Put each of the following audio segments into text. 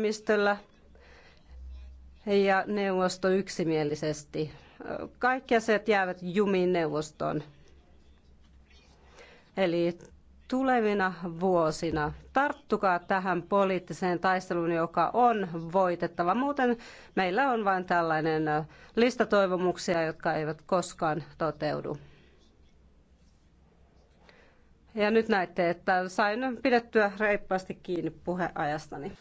enemmistöllä ja neuvosto yksimielisesti. Kaikki asiat jäävät jumiin neuvostoon. Eli tulevina vuosina tarttukaa tähän poliittiseen taisteluun, joka on voitettava. Muuten meillä on vain tällainen lista toivomuksia, jotka eivät koskaan toteudu. Ja nyt näette, että sain pidettyä reippaasti kiinni puheajastani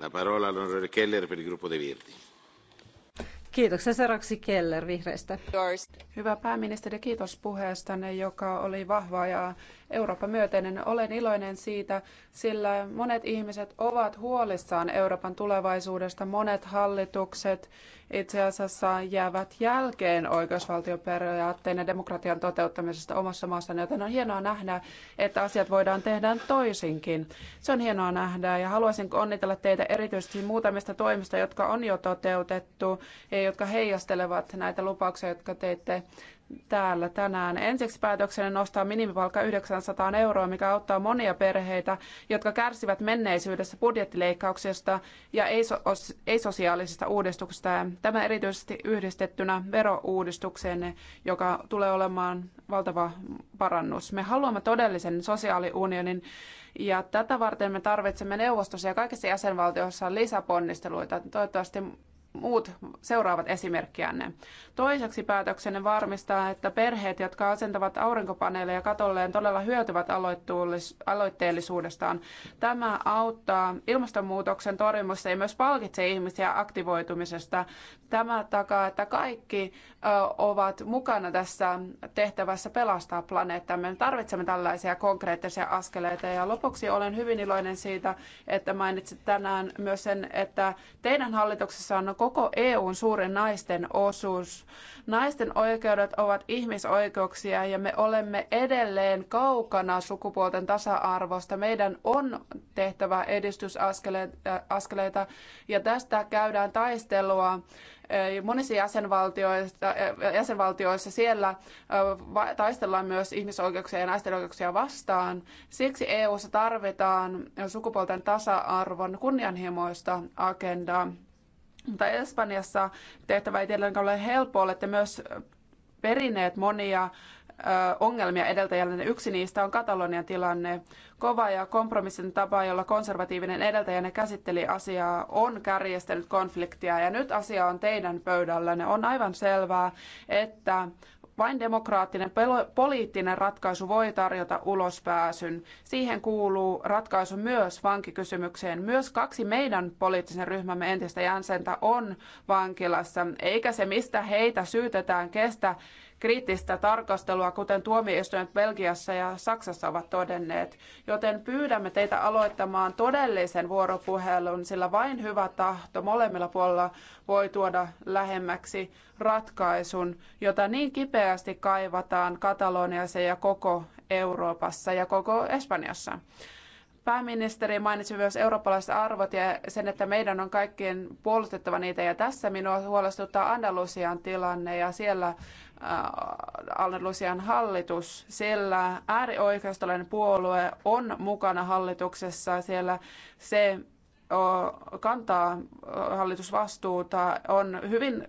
la parola all'onorevole keller per il gruppo dei verdi. Kiitoksia seuraavaksi Keller vihreistä. Hyvä pääministeri, kiitos puheestanne, joka oli vahva ja Euroopan myöteinen. Olen iloinen siitä, sillä monet ihmiset ovat huolissaan Euroopan tulevaisuudesta. Monet hallitukset itse asiassa jäävät jälkeen oikeusvaltioperiaatteen ja demokratian toteuttamisesta omassa maassaan, joten on hienoa nähdä, että asiat voidaan tehdä toisinkin. Se on hienoa nähdä ja haluaisin onnitella teitä erityisesti muutamista toimista, jotka on jo toteutettu päätöksiä, jotka heijastelevat näitä lupauksia, jotka teitte täällä tänään. Ensiksi päätöksenne nostaa minimipalkka 900 euroa, mikä auttaa monia perheitä, jotka kärsivät menneisyydessä budjettileikkauksesta ja ei-sosiaalisista uudistuksista. Tämä erityisesti yhdistettynä verouudistukseen, joka tulee olemaan valtava parannus. Me haluamme todellisen sosiaaliunionin ja tätä varten me tarvitsemme neuvostossa ja kaikissa jäsenvaltioissa lisäponnisteluita. Toivottavasti muut seuraavat esimerkkiänne. Toiseksi päätöksenne varmistaa, että perheet, jotka asentavat aurinkopaneeleja katolleen, todella hyötyvät aloitteellisuudestaan. Tämä auttaa ilmastonmuutoksen torjumassa ja myös palkitsee ihmisiä aktivoitumisesta. Tämä takaa, että kaikki ovat mukana tässä tehtävässä pelastaa planeetta. Me tarvitsemme tällaisia konkreettisia askeleita ja lopuksi olen hyvin iloinen siitä, että mainitsit tänään myös sen, että teidän hallituksessa on koko EUn suurin naisten osuus. Naisten oikeudet ovat ihmisoikeuksia ja me olemme edelleen kaukana sukupuolten tasa-arvosta. Meidän on tehtävä edistysaskeleita äh, ja tästä käydään taistelua äh, monissa jäsenvaltioissa, äh, jäsenvaltioissa siellä taistellaan myös ihmisoikeuksia ja naisten oikeuksia vastaan. Siksi EUssa tarvitaan sukupuolten tasa-arvon kunnianhimoista agendaa. Mutta Espanjassa tehtävä ei tietenkään ole helppo, olette myös perineet monia ongelmia edeltäjälle. Yksi niistä on Katalonian tilanne. Kova ja kompromissin tapa, jolla konservatiivinen edeltäjänne käsitteli asiaa, on kärjestänyt konfliktia ja nyt asia on teidän pöydällänne. On aivan selvää, että vain demokraattinen poliittinen ratkaisu voi tarjota ulospääsyn. Siihen kuuluu ratkaisu myös vankikysymykseen. Myös kaksi meidän poliittisen ryhmämme entistä jäsentä on vankilassa, eikä se mistä heitä syytetään kestä kriittistä tarkastelua, kuten tuomioistuimet Belgiassa ja Saksassa ovat todenneet. Joten pyydämme teitä aloittamaan todellisen vuoropuhelun, sillä vain hyvä tahto molemmilla puolilla voi tuoda lähemmäksi ratkaisun, jota niin kipeästi kaivataan Kataloniassa ja koko Euroopassa ja koko Espanjassa. Pääministeri mainitsi myös eurooppalaiset arvot ja sen, että meidän on kaikkien puolustettava niitä. Ja tässä minua huolestuttaa Andalusian tilanne ja siellä Andalusian hallitus, sillä äärioikeistolainen puolue on mukana hallituksessa, siellä se kantaa hallitusvastuuta. On hyvin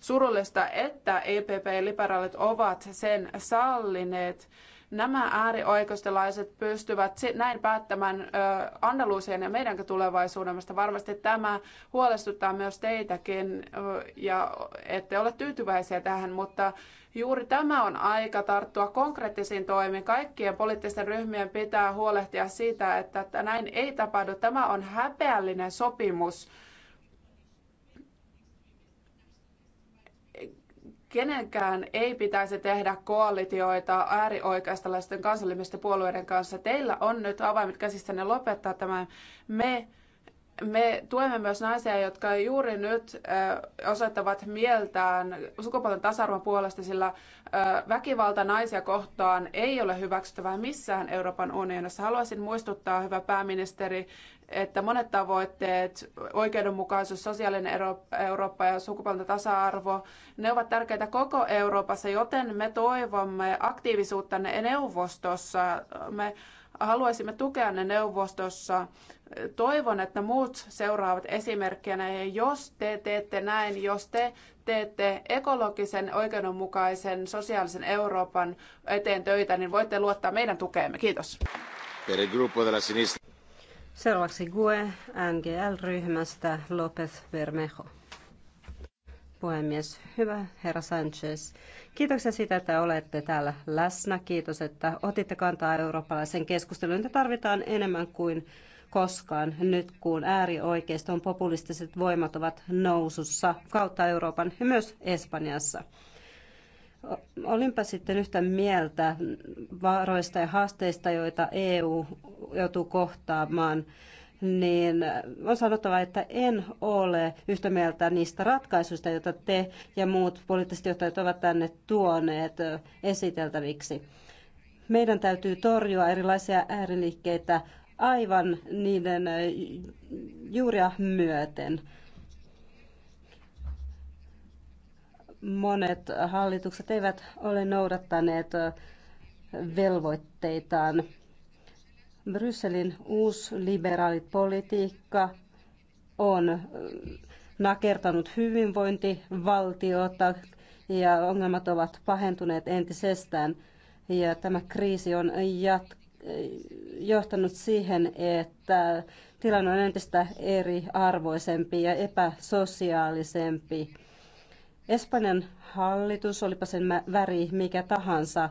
surullista, että EPP-liberaalit ovat sen sallineet. Nämä äärioikeistolaiset pystyvät näin päättämään Andalusian ja meidän tulevaisuudesta. Varmasti tämä huolestuttaa myös teitäkin ja ette ole tyytyväisiä tähän, mutta juuri tämä on aika tarttua konkreettisiin toimiin. Kaikkien poliittisten ryhmien pitää huolehtia siitä, että näin ei tapahdu. Tämä on häpeällinen sopimus. kenenkään ei pitäisi tehdä koalitioita äärioikeistolaisten kansallisten puolueiden kanssa. Teillä on nyt avaimet käsissänne lopettaa tämä. Me, me tuemme myös naisia, jotka juuri nyt osoittavat mieltään sukupuolten tasa-arvon puolesta, sillä väkivalta naisia kohtaan ei ole hyväksyttävää missään Euroopan unionissa. Haluaisin muistuttaa, hyvä pääministeri, että monet tavoitteet, oikeudenmukaisuus, sosiaalinen Eurooppa ja sukupuolten tasa-arvo, ne ovat tärkeitä koko Euroopassa, joten me toivomme aktiivisuutta ne neuvostossa. Me haluaisimme tukea ne neuvostossa. Toivon, että muut seuraavat esimerkkinä. Ja jos te teette näin, jos te teette ekologisen, oikeudenmukaisen, sosiaalisen Euroopan eteen töitä, niin voitte luottaa meidän tukeemme. Kiitos. Seuraavaksi GUE NGL-ryhmästä López Bermejo. Puhemies, hyvä herra Sanchez. Kiitoksia siitä, että olette täällä läsnä. Kiitos, että otitte kantaa eurooppalaisen keskusteluun. Niitä tarvitaan enemmän kuin koskaan nyt, kun äärioikeiston populistiset voimat ovat nousussa kautta Euroopan ja myös Espanjassa. Olinpa sitten yhtä mieltä varoista ja haasteista, joita EU joutuu kohtaamaan, niin on sanottava, että en ole yhtä mieltä niistä ratkaisuista, joita te ja muut poliittiset johtajat ovat tänne tuoneet esiteltäviksi. Meidän täytyy torjua erilaisia ääriliikkeitä aivan niiden juuria myöten. Monet hallitukset eivät ole noudattaneet velvoitteitaan Brysselin uusliberaalit politiikka on nakertanut hyvinvointivaltiota ja ongelmat ovat pahentuneet entisestään. Ja tämä kriisi on jat- johtanut siihen, että tilanne on entistä eriarvoisempi ja epäsosiaalisempi. Espanjan hallitus, olipa sen väri mikä tahansa,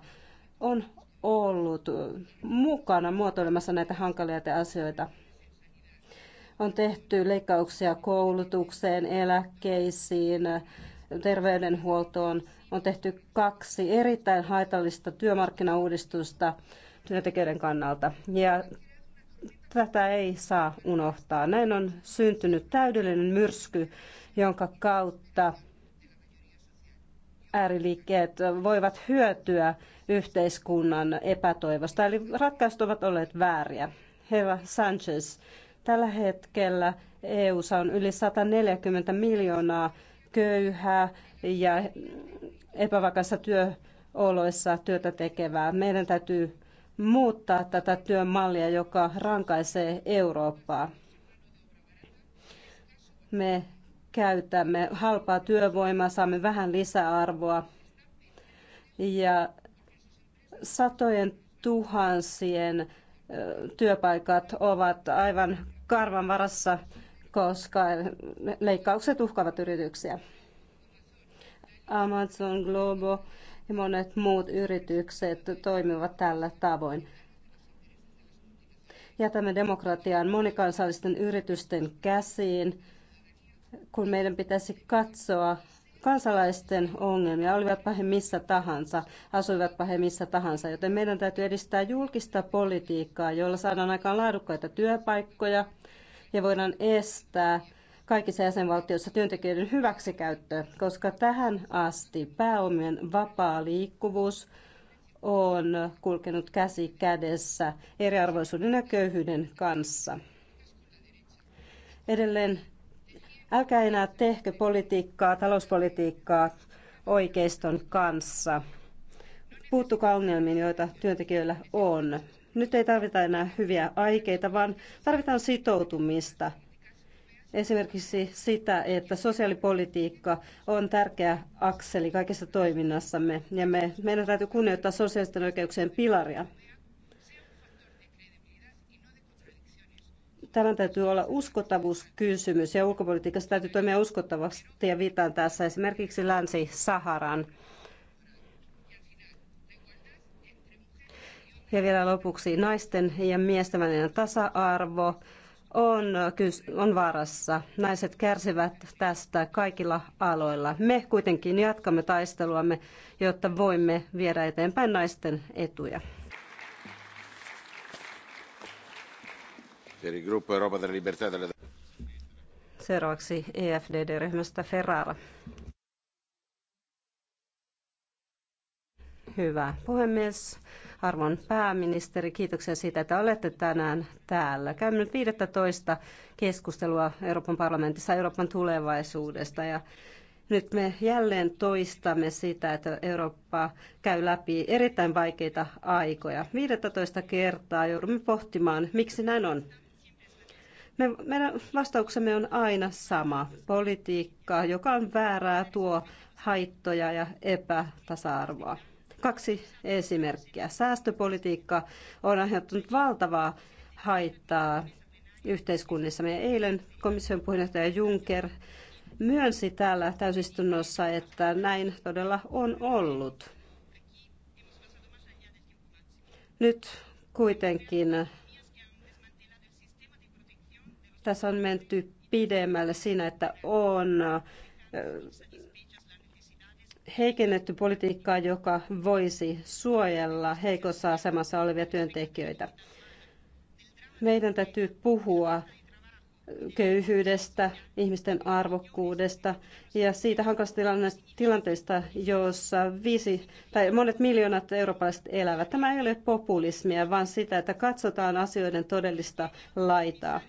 on ollut mukana muotoilemassa näitä hankalia asioita. On tehty leikkauksia koulutukseen, eläkkeisiin, terveydenhuoltoon. On tehty kaksi erittäin haitallista työmarkkinauudistusta työntekijöiden kannalta. Ja tätä ei saa unohtaa. Näin on syntynyt täydellinen myrsky, jonka kautta ääriliikkeet voivat hyötyä yhteiskunnan epätoivosta. Eli ratkaisut ovat olleet vääriä. Herra Sanchez, tällä hetkellä EU:ssa on yli 140 miljoonaa köyhää ja epävakaissa työoloissa työtä tekevää. Meidän täytyy muuttaa tätä mallia, joka rankaisee Eurooppaa. Me käytämme halpaa työvoimaa, saamme vähän lisäarvoa ja satojen tuhansien työpaikat ovat aivan karvan varassa, koska leikkaukset uhkaavat yrityksiä. Amazon Globo ja monet muut yritykset toimivat tällä tavoin. Jätämme demokratian monikansallisten yritysten käsiin kun meidän pitäisi katsoa kansalaisten ongelmia, olivatpa he missä tahansa, asuivatpa he missä tahansa, joten meidän täytyy edistää julkista politiikkaa, jolla saadaan aikaan laadukkaita työpaikkoja ja voidaan estää kaikissa jäsenvaltioissa työntekijöiden hyväksikäyttö, koska tähän asti pääomien vapaa liikkuvuus on kulkenut käsi kädessä eriarvoisuuden ja köyhyyden kanssa. Edelleen Älkää enää tehkö politiikkaa, talouspolitiikkaa oikeiston kanssa. Puuttukaa ongelmiin, joita työntekijöillä on. Nyt ei tarvita enää hyviä aikeita, vaan tarvitaan sitoutumista. Esimerkiksi sitä, että sosiaalipolitiikka on tärkeä akseli kaikessa toiminnassamme ja me, meidän täytyy kunnioittaa sosiaalisten oikeuksien pilaria. Tämän täytyy olla uskottavuuskysymys ja ulkopolitiikassa täytyy toimia uskottavasti ja viitaan tässä esimerkiksi Länsi-Saharan. Ja vielä lopuksi naisten ja miesten välinen tasa-arvo on, on vaarassa. Naiset kärsivät tästä kaikilla aloilla. Me kuitenkin jatkamme taisteluamme, jotta voimme viedä eteenpäin naisten etuja. E Seuraavaksi EFDD-ryhmästä Ferrara. Hyvä puhemies, arvon pääministeri, kiitoksia siitä, että olette tänään täällä. Käymme nyt 15 keskustelua Euroopan parlamentissa Euroopan tulevaisuudesta ja nyt me jälleen toistamme sitä, että Eurooppa käy läpi erittäin vaikeita aikoja. 15 kertaa joudumme pohtimaan, miksi näin on. Me, meidän vastauksemme on aina sama. Politiikka, joka on väärää, tuo haittoja ja epätasa-arvoa. Kaksi esimerkkiä. Säästöpolitiikka on aiheuttanut valtavaa haittaa yhteiskunnissa. Meidän eilen komission puheenjohtaja Juncker myönsi täällä täysistunnossa, että näin todella on ollut. Nyt kuitenkin tässä on menty pidemmälle siinä, että on heikennetty politiikkaa, joka voisi suojella heikossa asemassa olevia työntekijöitä. Meidän täytyy puhua köyhyydestä, ihmisten arvokkuudesta ja siitä hankalasta tilanteesta, jossa viisi, tai monet miljoonat eurooppalaiset elävät. Tämä ei ole populismia, vaan sitä, että katsotaan asioiden todellista laitaa.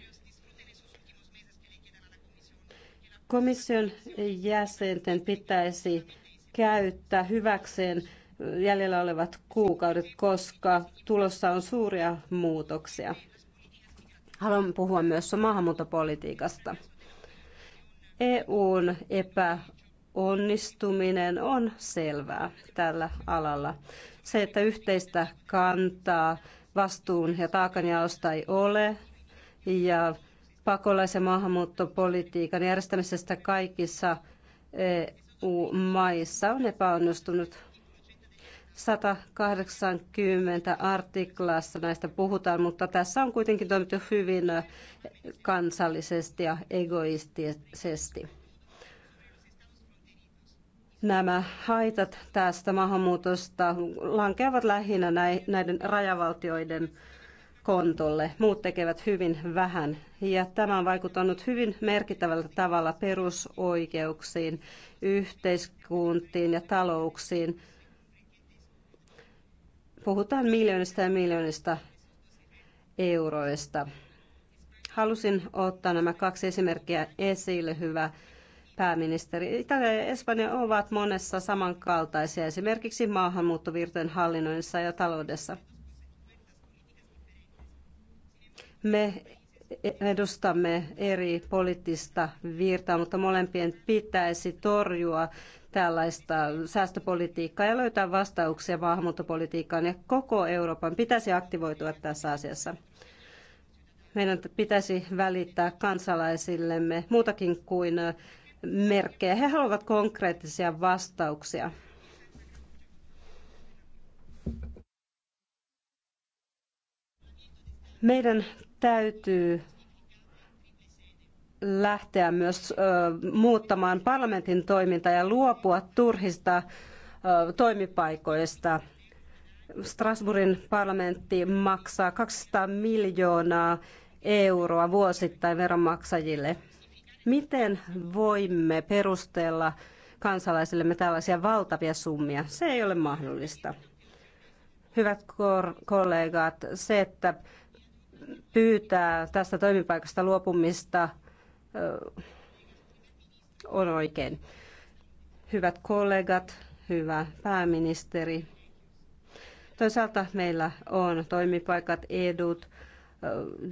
Komission jäsenten pitäisi käyttää hyväkseen jäljellä olevat kuukaudet, koska tulossa on suuria muutoksia. Haluan puhua myös maahanmuuttopolitiikasta. EUn epäonnistuminen on selvää tällä alalla. Se, että yhteistä kantaa vastuun ja taakanjaosta ei ole ja pakolais- ja maahanmuuttopolitiikan järjestämisestä kaikissa EU-maissa on epäonnistunut. 180 artiklassa näistä puhutaan, mutta tässä on kuitenkin toimittu hyvin kansallisesti ja egoistisesti. Nämä haitat tästä maahanmuutosta lankeavat lähinnä näiden rajavaltioiden kontolle. Muut tekevät hyvin vähän ja tämä on vaikuttanut hyvin merkittävällä tavalla perusoikeuksiin, yhteiskuntiin ja talouksiin. Puhutaan miljoonista ja miljoonista euroista. Halusin ottaa nämä kaksi esimerkkiä esille, hyvä pääministeri. Italia ja Espanja ovat monessa samankaltaisia, esimerkiksi maahanmuuttovirtojen hallinnoissa ja taloudessa. Me edustamme eri poliittista virtaa, mutta molempien pitäisi torjua tällaista säästöpolitiikkaa ja löytää vastauksia maahanmuuttopolitiikkaan ja koko Euroopan pitäisi aktivoitua tässä asiassa. Meidän pitäisi välittää kansalaisillemme muutakin kuin merkkejä. He haluavat konkreettisia vastauksia. Meidän täytyy lähteä myös muuttamaan parlamentin toimintaa ja luopua turhista toimipaikoista. Strasbourgin parlamentti maksaa 200 miljoonaa euroa vuosittain veronmaksajille. Miten voimme perustella kansalaisillemme tällaisia valtavia summia? Se ei ole mahdollista. Hyvät kollegat, se, että pyytää tästä toimipaikasta luopumista on oikein. Hyvät kollegat, hyvä pääministeri. Toisaalta meillä on toimipaikat, edut,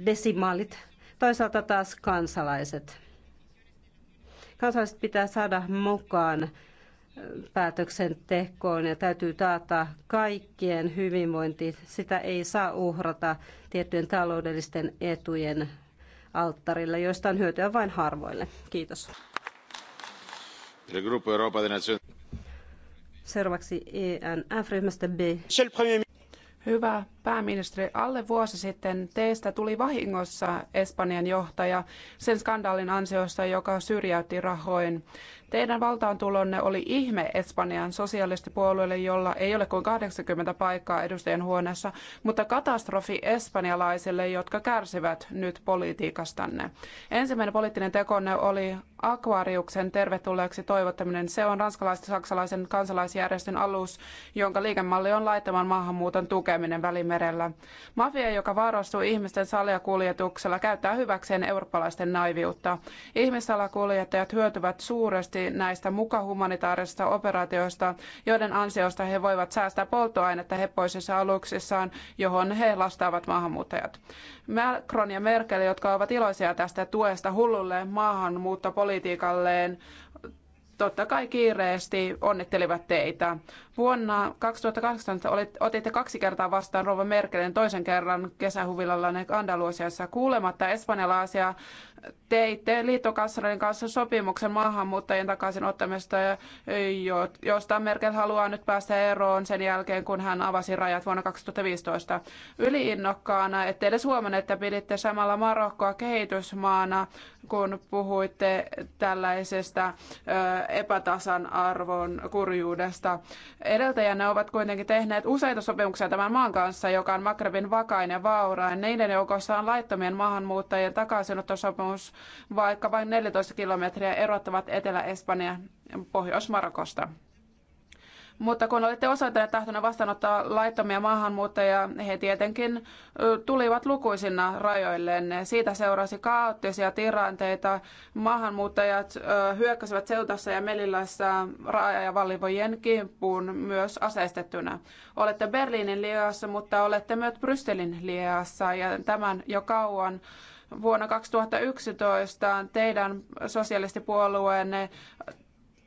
desimaalit, toisaalta taas kansalaiset. Kansalaiset pitää saada mukaan päätöksentekoon ja täytyy taata kaikkien hyvinvointi. Sitä ei saa uhrata tiettyjen taloudellisten etujen alttarilla, joista on hyötyä vain harvoille. Kiitos. Seuraavaksi ENF-ryhmästä B. Hyvä pääministeri, alle vuosi sitten teistä tuli vahingossa Espanjan johtaja sen skandaalin ansiosta, joka syrjäytti rahoin. Teidän valtaantulonne oli ihme Espanjan sosialistipuolueelle, jolla ei ole kuin 80 paikkaa edustajien huoneessa, mutta katastrofi espanjalaisille, jotka kärsivät nyt politiikastanne. Ensimmäinen poliittinen tekonne oli Aquariuksen tervetulleeksi toivottaminen. Se on ranskalaisen saksalaisen kansalaisjärjestön alus, jonka liikemalli on laittoman maahanmuuton tukeminen välimeren Välimerellä. Mafia, joka varastuu ihmisten salakuljetuksella, käyttää hyväkseen eurooppalaisten naiviutta. Ihmissalakuljettajat hyötyvät suuresti näistä mukahumanitaarisista operaatioista, joiden ansiosta he voivat säästää polttoainetta heppoisissa aluksissaan, johon he lastaavat maahanmuuttajat. Macron ja Merkel, jotka ovat iloisia tästä tuesta hullulle maahanmuuttopolitiikalleen, totta kai kiireesti onnittelivat teitä. Vuonna 2018 otitte kaksi kertaa vastaan Rova Merkelin toisen kerran kesähuvilallanne Andalusiassa. Kuulematta espanjalaisia teitte liittokanslerin kanssa sopimuksen maahanmuuttajien takaisin ottamista, josta Merkel haluaa nyt päästä eroon sen jälkeen, kun hän avasi rajat vuonna 2015. Yliinnokkaana, ettei edes huomannut, että piditte samalla Marokkoa kehitysmaana, kun puhuitte tällaisesta epätasan arvon kurjuudesta. Edeltäjänne ovat kuitenkin tehneet useita sopimuksia tämän maan kanssa, joka on Magrebin vakain ja vaurain. Niiden joukossa on laittomien maahanmuuttajien takaisinottosopimus, vaikka vain 14 kilometriä erottavat Etelä-Espanja Pohjois-Marokosta. Mutta kun olette osoittaneet tahtona vastaanottaa laittomia maahanmuuttajia, he tietenkin tulivat lukuisina rajoilleen. Siitä seurasi kaoottisia tilanteita. Maahanmuuttajat hyökkäsivät Seutassa ja Melillässä rajavallivojen kimppuun myös aseistettuna. Olette Berliinin liassa, mutta olette myös Brysselin liassa ja tämän jo kauan vuonna 2011 teidän sosialistipuolueenne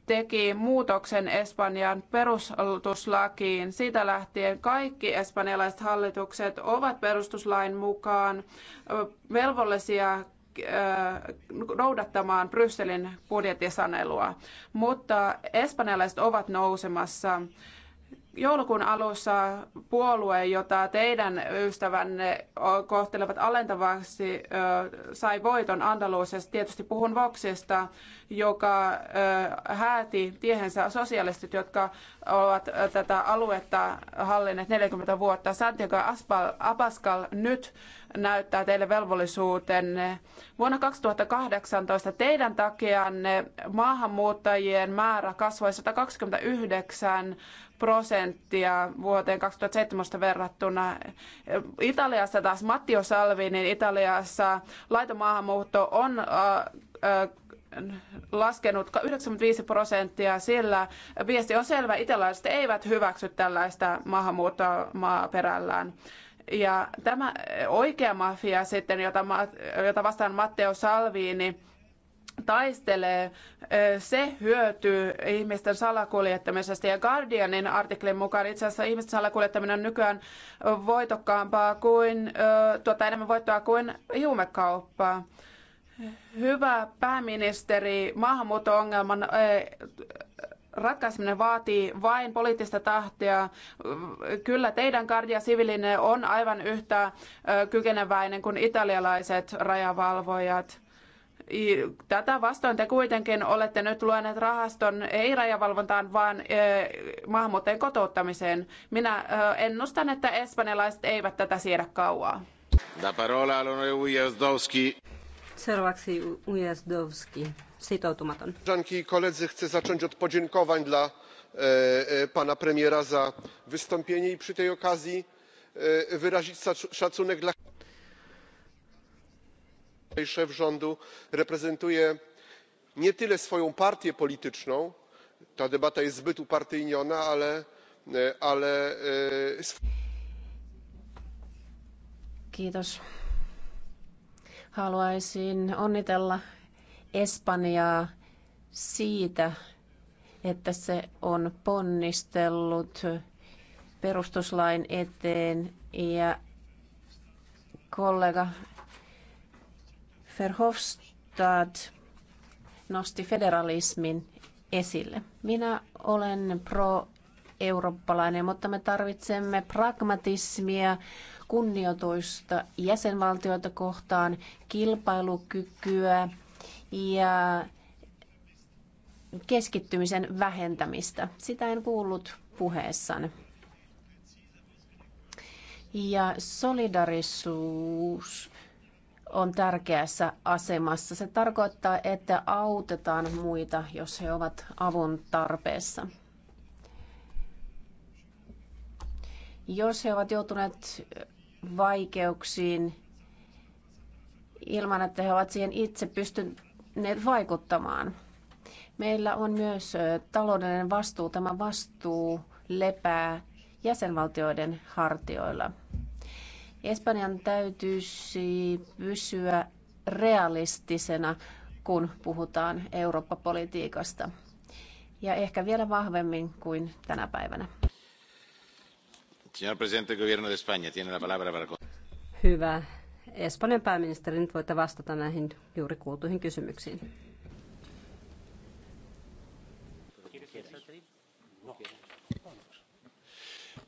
teki muutoksen Espanjan perustuslakiin. Siitä lähtien kaikki espanjalaiset hallitukset ovat perustuslain mukaan velvollisia noudattamaan Brysselin budjettisanelua, mutta espanjalaiset ovat nousemassa joulukuun alussa puolue, jota teidän ystävänne kohtelevat alentavaksi, sai voiton Andalusiassa. Tietysti puhun Voxista, joka hääti tiehensä sosialistit, jotka ovat tätä aluetta hallinneet 40 vuotta. Santiago Abascal nyt näyttää teille velvollisuutenne. Vuonna 2018 teidän takianne maahanmuuttajien määrä kasvoi 129 prosenttia vuoteen 2017 verrattuna. Italiassa taas Matteo Salvini, Italiassa laitomaahanmuutto on äh, äh, laskenut 95 prosenttia, sillä viesti on selvä, italialaiset eivät hyväksy tällaista maahanmuuttoa maaperällään. Ja tämä oikea mafia sitten, jota, jota vastaan Matteo Salvini taistelee, se hyötyy ihmisten salakuljettamisesta. Ja Guardianin artikkelin mukaan itse asiassa ihmisten salakuljettaminen on nykyään voitokkaampaa kuin, tuota enemmän voittoa kuin huumekauppaa. Hyvä pääministeri, maahanmuuttoongelman ratkaiseminen vaatii vain poliittista tahtia. Kyllä teidän Guardia Civiline on aivan yhtä kykeneväinen kuin italialaiset rajavalvojat Tätä vastoin te kuitenkin olette nyt luoneet rahaston ei rajavalvontaan, vaan maahanmuuttajien kotouttamiseen. Minä ennustan, että espanjalaiset eivät tätä siedä kauaa. La parola Ujazdowski. Seuraavaksi Ujazdowski, sitoutumaton. Koleżanki koledzy, chcę zacząć od podziękowań dla e, e, pana premiera za wystąpienie i przy tej okazji e, wyrazić szacunek dla szef rządu reprezentuje nie tyle swoją partię polityczną ta debata jest zbyt upartyjniona ale. E, e, Kiitos. Haluaisin onnitella Espanjaa siitä, että se on ponnistellut perustuslain eteen ja kollega Verhofstadt nosti federalismin esille. Minä olen pro-eurooppalainen, mutta me tarvitsemme pragmatismia, kunnioitusta jäsenvaltioita kohtaan, kilpailukykyä ja keskittymisen vähentämistä. Sitä en kuullut puheessanne. Ja solidarisuus on tärkeässä asemassa. Se tarkoittaa, että autetaan muita, jos he ovat avun tarpeessa. Jos he ovat joutuneet vaikeuksiin ilman, että he ovat siihen itse pystyneet vaikuttamaan. Meillä on myös taloudellinen vastuu. Tämä vastuu lepää jäsenvaltioiden hartioilla – Espanjan täytyisi pysyä realistisena, kun puhutaan Eurooppa-politiikasta. Ja ehkä vielä vahvemmin kuin tänä päivänä. Señor presidente gobierno de España, tiene la palabra para... Hyvä. Espanjan pääministeri, nyt voitte vastata näihin juuri kuultuihin kysymyksiin.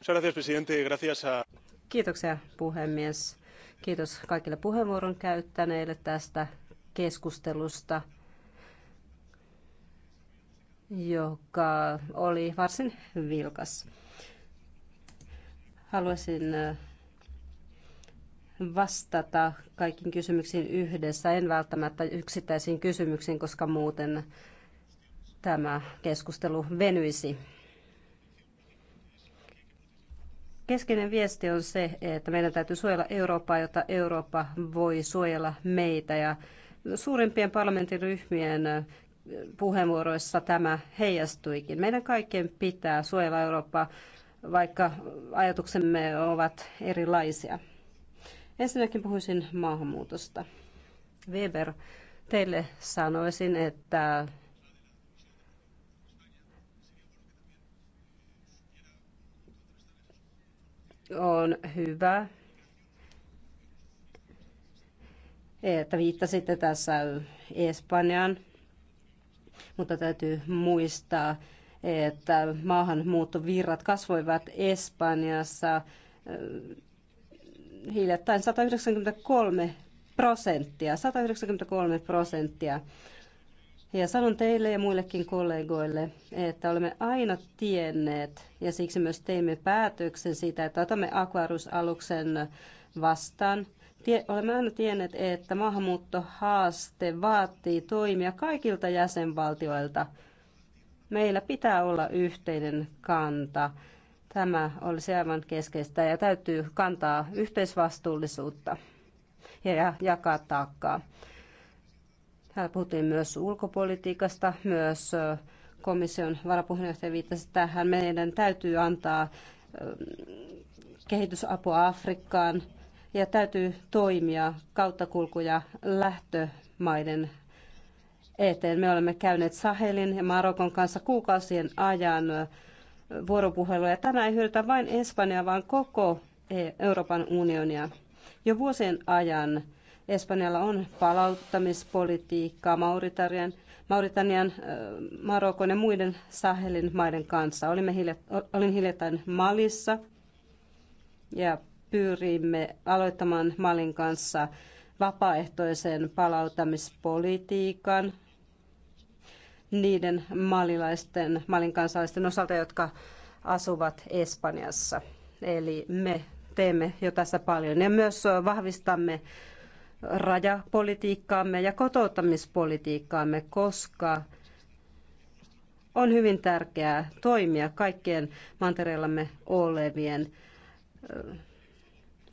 Gracias, presidente. Gracias a... Kiitoksia puhemies. Kiitos kaikille puheenvuoron käyttäneille tästä keskustelusta, joka oli varsin vilkas. Haluaisin vastata kaikkiin kysymyksiin yhdessä, en välttämättä yksittäisiin kysymyksiin, koska muuten tämä keskustelu venyisi. Keskeinen viesti on se, että meidän täytyy suojella Eurooppaa, jotta Eurooppa voi suojella meitä. Ja suurimpien ryhmien puheenvuoroissa tämä heijastuikin. Meidän kaikkien pitää suojella Eurooppaa, vaikka ajatuksemme ovat erilaisia. Ensinnäkin puhuisin maahanmuutosta. Weber, teille sanoisin, että on hyvä, että viittasitte tässä Espanjan, mutta täytyy muistaa, että maahanmuuttovirrat kasvoivat Espanjassa eh, hiljattain 193 prosenttia. 193 prosenttia. Ja sanon teille ja muillekin kollegoille, että olemme aina tienneet ja siksi myös teimme päätöksen siitä, että otamme aquarius aluksen vastaan. Tie, olemme aina tienneet, että maahanmuuttohaaste vaatii toimia kaikilta jäsenvaltioilta. Meillä pitää olla yhteinen kanta. Tämä olisi aivan keskeistä ja täytyy kantaa yhteisvastuullisuutta ja jakaa taakkaa. Täällä puhuttiin myös ulkopolitiikasta, myös komission varapuheenjohtaja viittasi tähän. Meidän täytyy antaa kehitysapua Afrikkaan ja täytyy toimia kauttakulkuja lähtömaiden eteen. Me olemme käyneet Sahelin ja Marokon kanssa kuukausien ajan vuoropuhelua ja tämä ei hyödytä vain Espanjaa, vaan koko e- Euroopan unionia. Jo vuosien ajan Espanjalla on palauttamispolitiikkaa Mauritarian, Mauritanian, Marokon ja muiden Sahelin maiden kanssa. Olimme hilja, olin hiljattain Malissa ja pyrimme aloittamaan Malin kanssa vapaaehtoisen palauttamispolitiikan niiden malilaisten, malin kansalaisten osalta, jotka asuvat Espanjassa. Eli me teemme jo tässä paljon ja myös vahvistamme rajapolitiikkaamme ja kotouttamispolitiikkaamme, koska on hyvin tärkeää toimia kaikkien mantereellamme olevien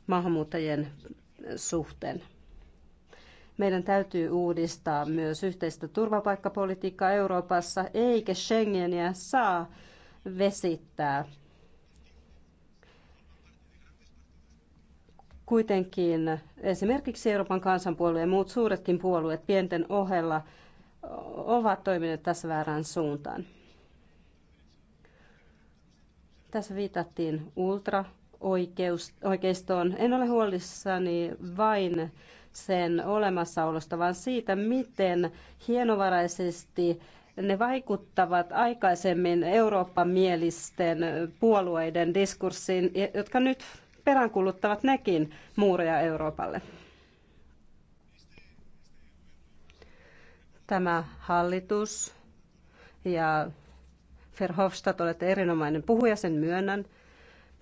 maahanmuuttajien suhteen. Meidän täytyy uudistaa myös yhteistä turvapaikkapolitiikkaa Euroopassa, eikä Schengeniä saa vesittää Kuitenkin esimerkiksi Euroopan kansanpuolue ja muut suuretkin puolueet pienten ohella ovat toimineet tässä väärään suuntaan. Tässä viitattiin ultra oikeistoon. En ole huolissani vain sen olemassaolosta, vaan siitä, miten hienovaraisesti ne vaikuttavat aikaisemmin Euroopan mielisten puolueiden diskurssiin, jotka nyt peräänkuluttavat nekin muureja Euroopalle. Tämä hallitus ja Verhofstadt, olette erinomainen puhuja, sen myönnän.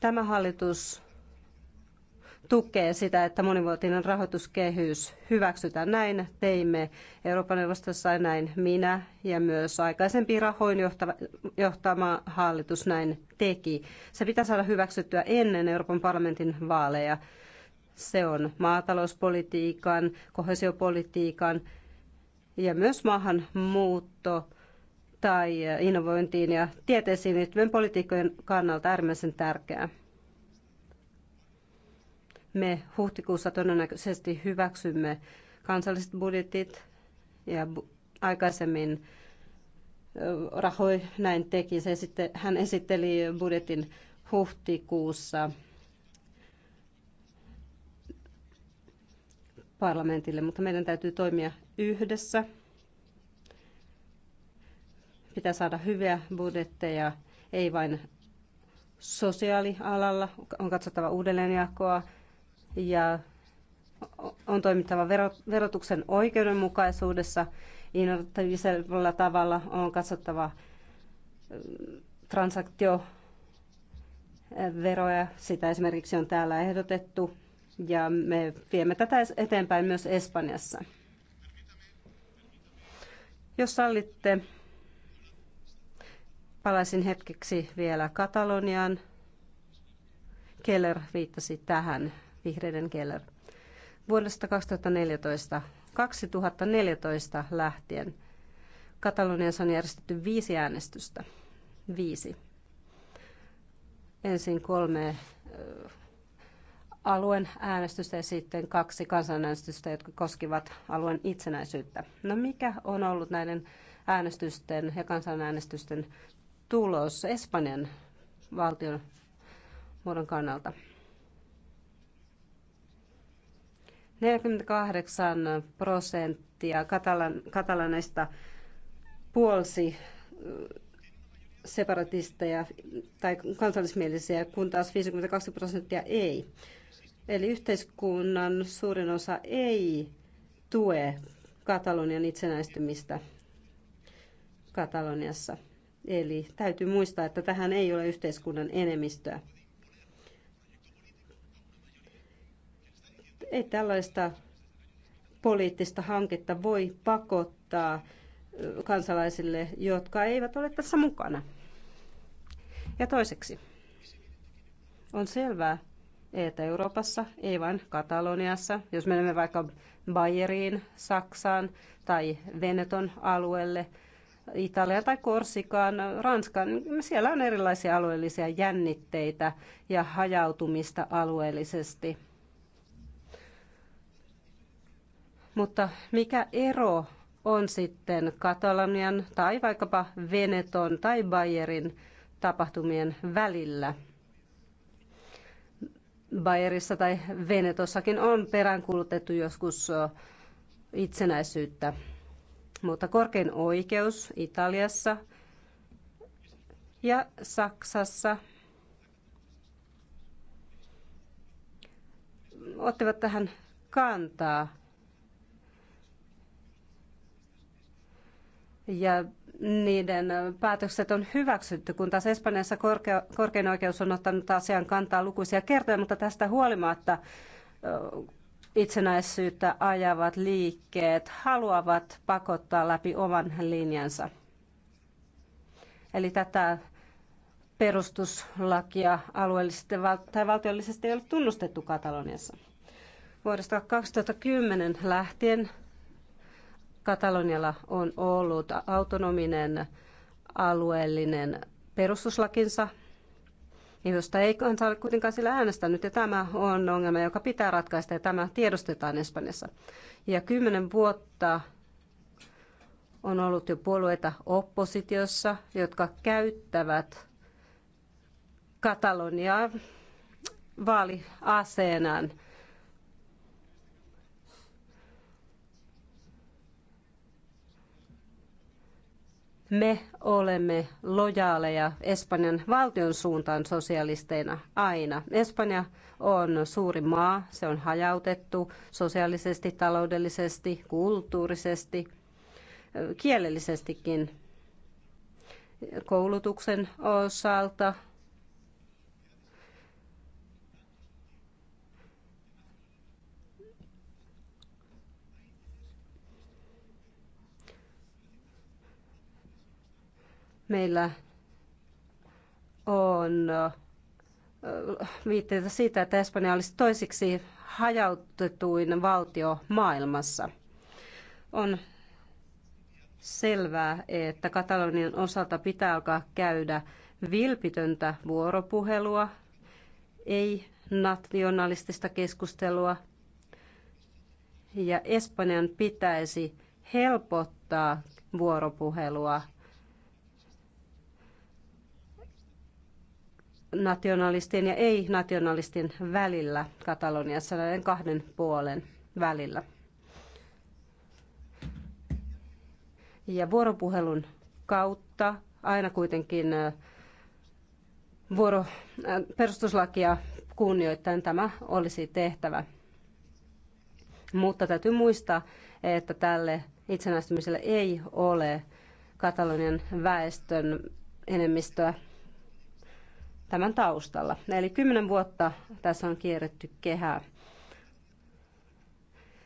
Tämä hallitus tukee sitä, että monivuotinen rahoituskehys hyväksytään. Näin teimme Euroopan neuvostossa ja näin minä ja myös aikaisempi rahoin johtava, johtama hallitus näin teki. Se pitää saada hyväksyttyä ennen Euroopan parlamentin vaaleja. Se on maatalouspolitiikan, kohesiopolitiikan ja myös maahanmuutto tai innovointiin ja tieteisiin liittyvien politiikkojen kannalta äärimmäisen tärkeää me huhtikuussa todennäköisesti hyväksymme kansalliset budjetit ja aikaisemmin Rahoi näin teki. Se sitten, hän esitteli budjetin huhtikuussa parlamentille, mutta meidän täytyy toimia yhdessä. Pitää saada hyviä budjetteja, ei vain sosiaalialalla. On katsottava uudelleenjakoa, ja on toimittava verotuksen oikeudenmukaisuudessa. innoittavisella tavalla on katsottava transaktioveroja. Sitä esimerkiksi on täällä ehdotettu ja me viemme tätä eteenpäin myös Espanjassa. Jos sallitte, palaisin hetkeksi vielä Kataloniaan. Keller viittasi tähän vihreiden Keller. Vuodesta 2014, 2014 lähtien Kataloniassa on järjestetty viisi äänestystä. Viisi. Ensin kolme alueen äänestystä ja sitten kaksi kansanäänestystä, jotka koskivat alueen itsenäisyyttä. No mikä on ollut näiden äänestysten ja kansanäänestysten tulos Espanjan valtion muodon kannalta? 48 prosenttia katalan, katalaneista puolsi separatisteja tai kansallismielisiä, kun taas 52 prosenttia ei. Eli yhteiskunnan suurin osa ei tue Katalonian itsenäistymistä Kataloniassa. Eli täytyy muistaa, että tähän ei ole yhteiskunnan enemmistöä. Ei tällaista poliittista hanketta voi pakottaa kansalaisille, jotka eivät ole tässä mukana. Ja toiseksi, on selvää, että Euroopassa, ei vain Kataloniassa, jos menemme vaikka Bayeriin, Saksaan tai Veneton alueelle, Italia tai Korsikaan, Ranskan, niin siellä on erilaisia alueellisia jännitteitä ja hajautumista alueellisesti – Mutta mikä ero on sitten Katalonian tai vaikkapa Veneton tai Bayerin tapahtumien välillä? Bayerissa tai Venetossakin on peräänkuulutettu joskus itsenäisyyttä. Mutta korkein oikeus Italiassa ja Saksassa ottivat tähän kantaa ja niiden päätökset on hyväksytty, kun taas Espanjassa korkea, korkein oikeus on ottanut asian kantaa lukuisia kertoja, mutta tästä huolimatta itsenäisyyttä ajavat liikkeet haluavat pakottaa läpi oman linjansa. Eli tätä perustuslakia alueellisesti tai valtiollisesti ei ole tunnustettu Kataloniassa. Vuodesta 2010 lähtien Katalonialla on ollut autonominen alueellinen perustuslakinsa, josta ei ole kuitenkaan sillä äänestänyt. Ja tämä on ongelma, joka pitää ratkaista ja tämä tiedostetaan Espanjassa. Ja kymmenen vuotta on ollut jo puolueita oppositiossa, jotka käyttävät Kataloniaa vaaliaseenaan. Me olemme lojaaleja Espanjan valtion suuntaan sosialisteina aina. Espanja on suuri maa, se on hajautettu sosiaalisesti, taloudellisesti, kulttuurisesti, kielellisestikin koulutuksen osalta, meillä on äh, viitteitä siitä, että Espanja olisi toisiksi hajautetuin valtio maailmassa. On selvää, että Katalonian osalta pitää alkaa käydä vilpitöntä vuoropuhelua, ei nationalistista keskustelua. Ja Espanjan pitäisi helpottaa vuoropuhelua nationalistien ja ei-nationalistien välillä Kataloniassa, näiden kahden puolen välillä. Ja vuoropuhelun kautta aina kuitenkin vuoro, perustuslakia kunnioittain tämä olisi tehtävä. Mutta täytyy muistaa, että tälle itsenäistymiselle ei ole Katalonian väestön enemmistöä tämän taustalla. Eli kymmenen vuotta tässä on kierretty kehää.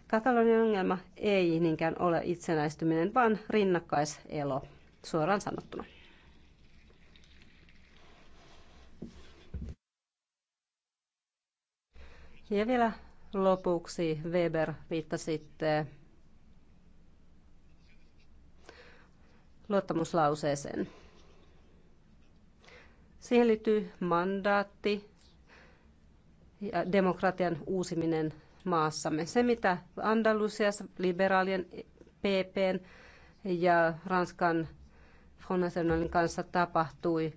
Katalonian ongelma ei niinkään ole itsenäistyminen, vaan rinnakkaiselo, suoraan sanottuna. Ja vielä lopuksi Weber viittasi luottamuslauseeseen. Siihen liittyy mandaatti ja demokratian uusiminen maassamme. Se, mitä Andalusiassa liberaalien PPn ja Ranskan Front Nationalin kanssa tapahtui,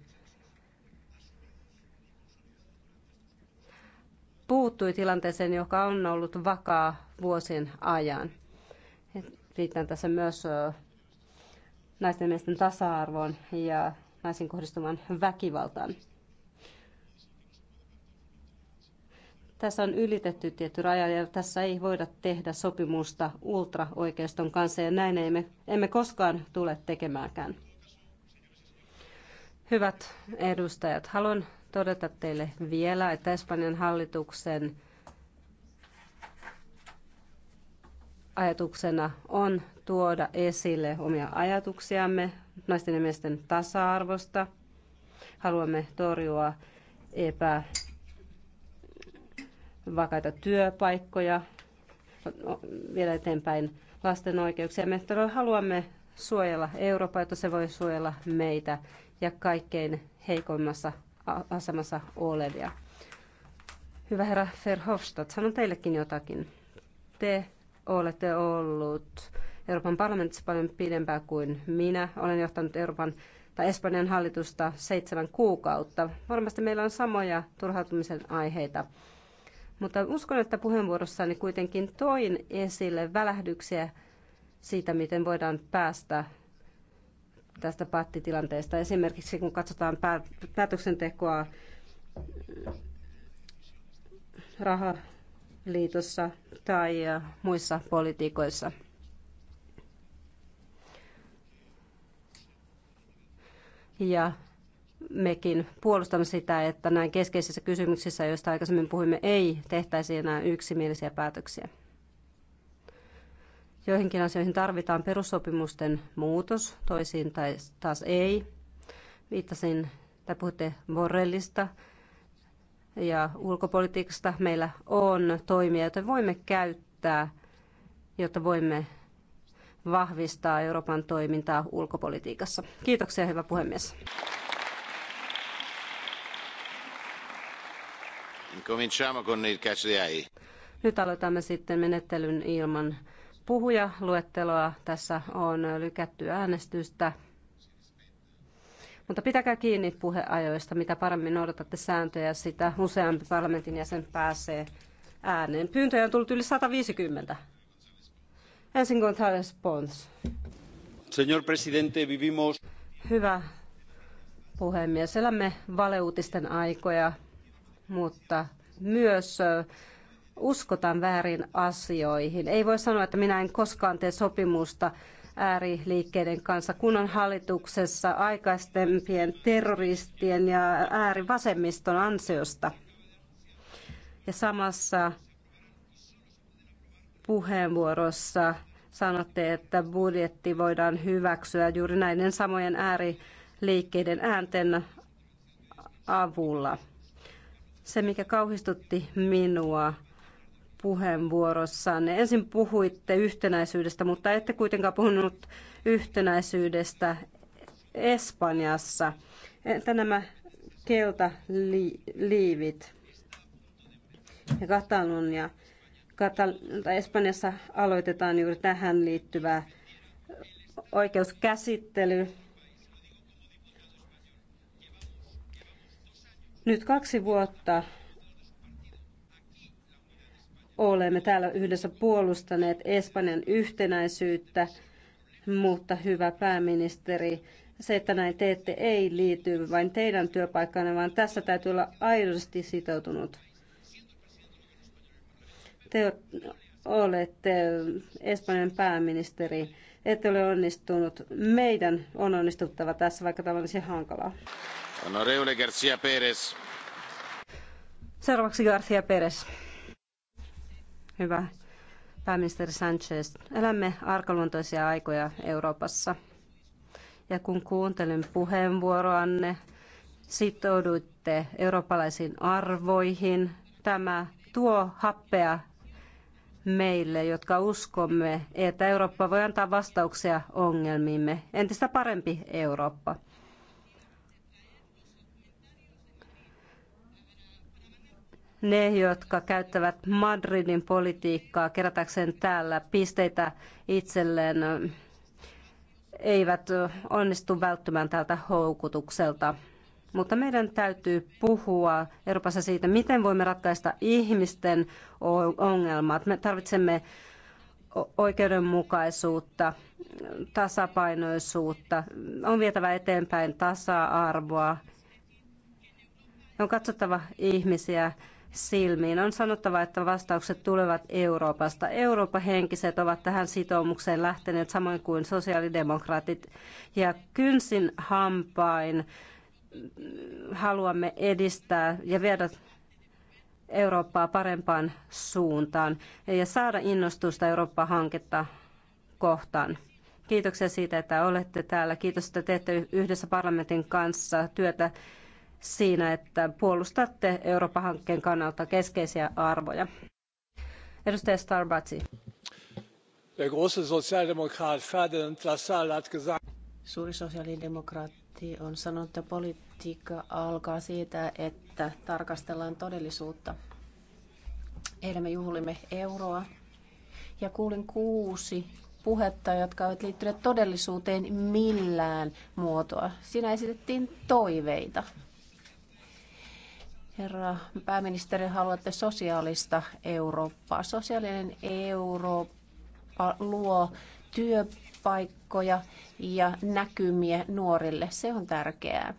puuttui tilanteeseen, joka on ollut vakaa vuosien ajan. Viittaan tässä myös naisten ja miesten tasa-arvoon ja naisiin kohdistuvan väkivaltaan. Tässä on ylitetty tietty raja ja tässä ei voida tehdä sopimusta ultraoikeiston kanssa ja näin emme, emme koskaan tule tekemäänkään. Hyvät edustajat, haluan todeta teille vielä, että Espanjan hallituksen ajatuksena on tuoda esille omia ajatuksiamme naisten ja miesten tasa-arvosta. Haluamme torjua epävakaita työpaikkoja, vielä eteenpäin lasten oikeuksia. Me haluamme suojella Eurooppaa, jotta se voi suojella meitä ja kaikkein heikoimmassa asemassa olevia. Hyvä herra Verhofstadt, sanon teillekin jotakin. Te olette ollut Euroopan parlamentissa paljon pidempään kuin minä. Olen johtanut Euroopan tai Espanjan hallitusta seitsemän kuukautta. Varmasti meillä on samoja turhautumisen aiheita. Mutta uskon, että puheenvuorossani kuitenkin toin esille välähdyksiä siitä, miten voidaan päästä tästä pattitilanteesta. Esimerkiksi kun katsotaan päätöksentekoa rahaliitossa tai muissa politiikoissa. ja mekin puolustamme sitä, että näin keskeisissä kysymyksissä, joista aikaisemmin puhuimme, ei tehtäisi enää yksimielisiä päätöksiä. Joihinkin asioihin tarvitaan perussopimusten muutos, toisiin tai taas ei. Viittasin, tai puhutte Borrellista ja ulkopolitiikasta. Meillä on toimia, joita voimme käyttää, jotta voimme vahvistaa Euroopan toimintaa ulkopolitiikassa. Kiitoksia, hyvä puhemies. Nyt aloitamme sitten menettelyn ilman puhujaluetteloa. Tässä on lykätty äänestystä. Mutta pitäkää kiinni puheajoista. Mitä paremmin noudatatte sääntöjä, sitä useampi parlamentin jäsen pääsee ääneen. Pyyntöjä on tullut yli 150. Ensin González Hyvä puhemies. Elämme valeuutisten aikoja, mutta myös uskotaan vääriin asioihin. Ei voi sanoa, että minä en koskaan tee sopimusta ääriliikkeiden kanssa, kun on hallituksessa aikaisempien terroristien ja äärivasemmiston ansiosta. Ja samassa puheenvuorossa sanotte, että budjetti voidaan hyväksyä juuri näiden samojen ääriliikkeiden äänten avulla. Se, mikä kauhistutti minua puheenvuorossanne, ensin puhuitte yhtenäisyydestä, mutta ette kuitenkaan puhunut yhtenäisyydestä Espanjassa. Entä nämä keltaliivit ja Katalonia? Katal- Espanjassa aloitetaan juuri tähän liittyvä oikeuskäsittely. Nyt kaksi vuotta olemme täällä yhdessä puolustaneet Espanjan yhtenäisyyttä, mutta hyvä pääministeri, se, että näin teette, ei liity vain teidän työpaikkanne, vaan tässä täytyy olla aidosti sitoutunut te olette Espanjan pääministeri. Ette ole onnistunut. Meidän on onnistuttava tässä, vaikka tämä olisi hankalaa. Honorable García Pérez. Seuraavaksi García Pérez. Hyvä. Pääministeri Sanchez, elämme arkaluontoisia aikoja Euroopassa. Ja kun kuuntelin puheenvuoroanne, sitouduitte eurooppalaisiin arvoihin. Tämä tuo happea meille, jotka uskomme, että Eurooppa voi antaa vastauksia ongelmiimme. Entistä parempi Eurooppa. Ne, jotka käyttävät Madridin politiikkaa kerätäkseen täällä pisteitä itselleen, eivät onnistu välttymään tältä houkutukselta. Mutta meidän täytyy puhua Euroopassa siitä, miten voimme ratkaista ihmisten ongelmat. Me tarvitsemme oikeudenmukaisuutta, tasapainoisuutta, on vietävä eteenpäin tasa-arvoa, on katsottava ihmisiä silmiin. On sanottava, että vastaukset tulevat Euroopasta. Euroopan henkiset ovat tähän sitoumukseen lähteneet samoin kuin sosiaalidemokraatit. Ja kynsin hampain haluamme edistää ja viedä Eurooppaa parempaan suuntaan ja saada innostusta Eurooppa-hanketta kohtaan. Kiitoksia siitä, että olette täällä. Kiitos, että teette yhdessä parlamentin kanssa työtä siinä, että puolustatte Eurooppa-hankkeen kannalta keskeisiä arvoja. Edustaja Starbatsi. Der große Sozialdemokrat Ferdinand Lassalle hat gesagt, Suuri sosiaalidemokraatti parlamentti on sanottu, että politiikka alkaa siitä, että tarkastellaan todellisuutta. Eilen me juhlimme euroa ja kuulin kuusi puhetta, jotka ovat liittyneet todellisuuteen millään muotoa. Siinä esitettiin toiveita. Herra pääministeri, haluatte sosiaalista Eurooppaa. Sosiaalinen Eurooppa luo työpaikkoja ja näkymiä nuorille. Se on tärkeää.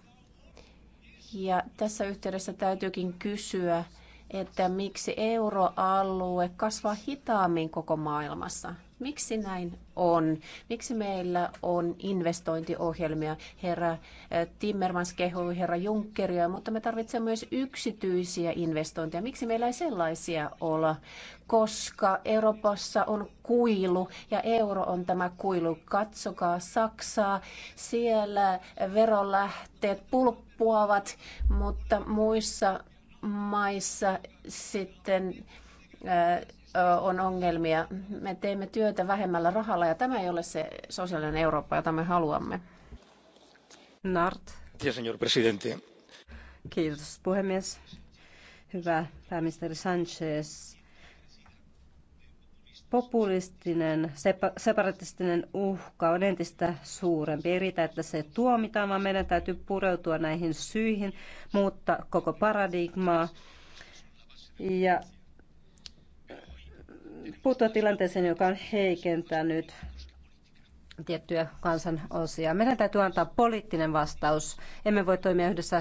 Ja tässä yhteydessä täytyykin kysyä, että miksi euroalue kasvaa hitaammin koko maailmassa. Miksi näin on? Miksi meillä on investointiohjelmia? Herra eh, Timmermans kehui herra Junckeria, mutta me tarvitsemme myös yksityisiä investointeja. Miksi meillä ei sellaisia olla? Koska Euroopassa on kuilu ja euro on tämä kuilu. Katsokaa Saksaa, siellä verolähteet pulppuavat, mutta muissa maissa sitten eh, on ongelmia. Me teemme työtä vähemmällä rahalla ja tämä ei ole se sosiaalinen Eurooppa, jota me haluamme. Nart. Señor presidente. Kiitos puhemies. Hyvä pääministeri Sanchez. Populistinen, separatistinen uhka on entistä suurempi. Ei riitä, että se tuomitaan, vaan meidän täytyy pureutua näihin syihin, muuttaa koko paradigmaa ja puuttua tilanteeseen, joka on heikentänyt tiettyjä kansanosia. Meidän täytyy antaa poliittinen vastaus. Emme voi toimia yhdessä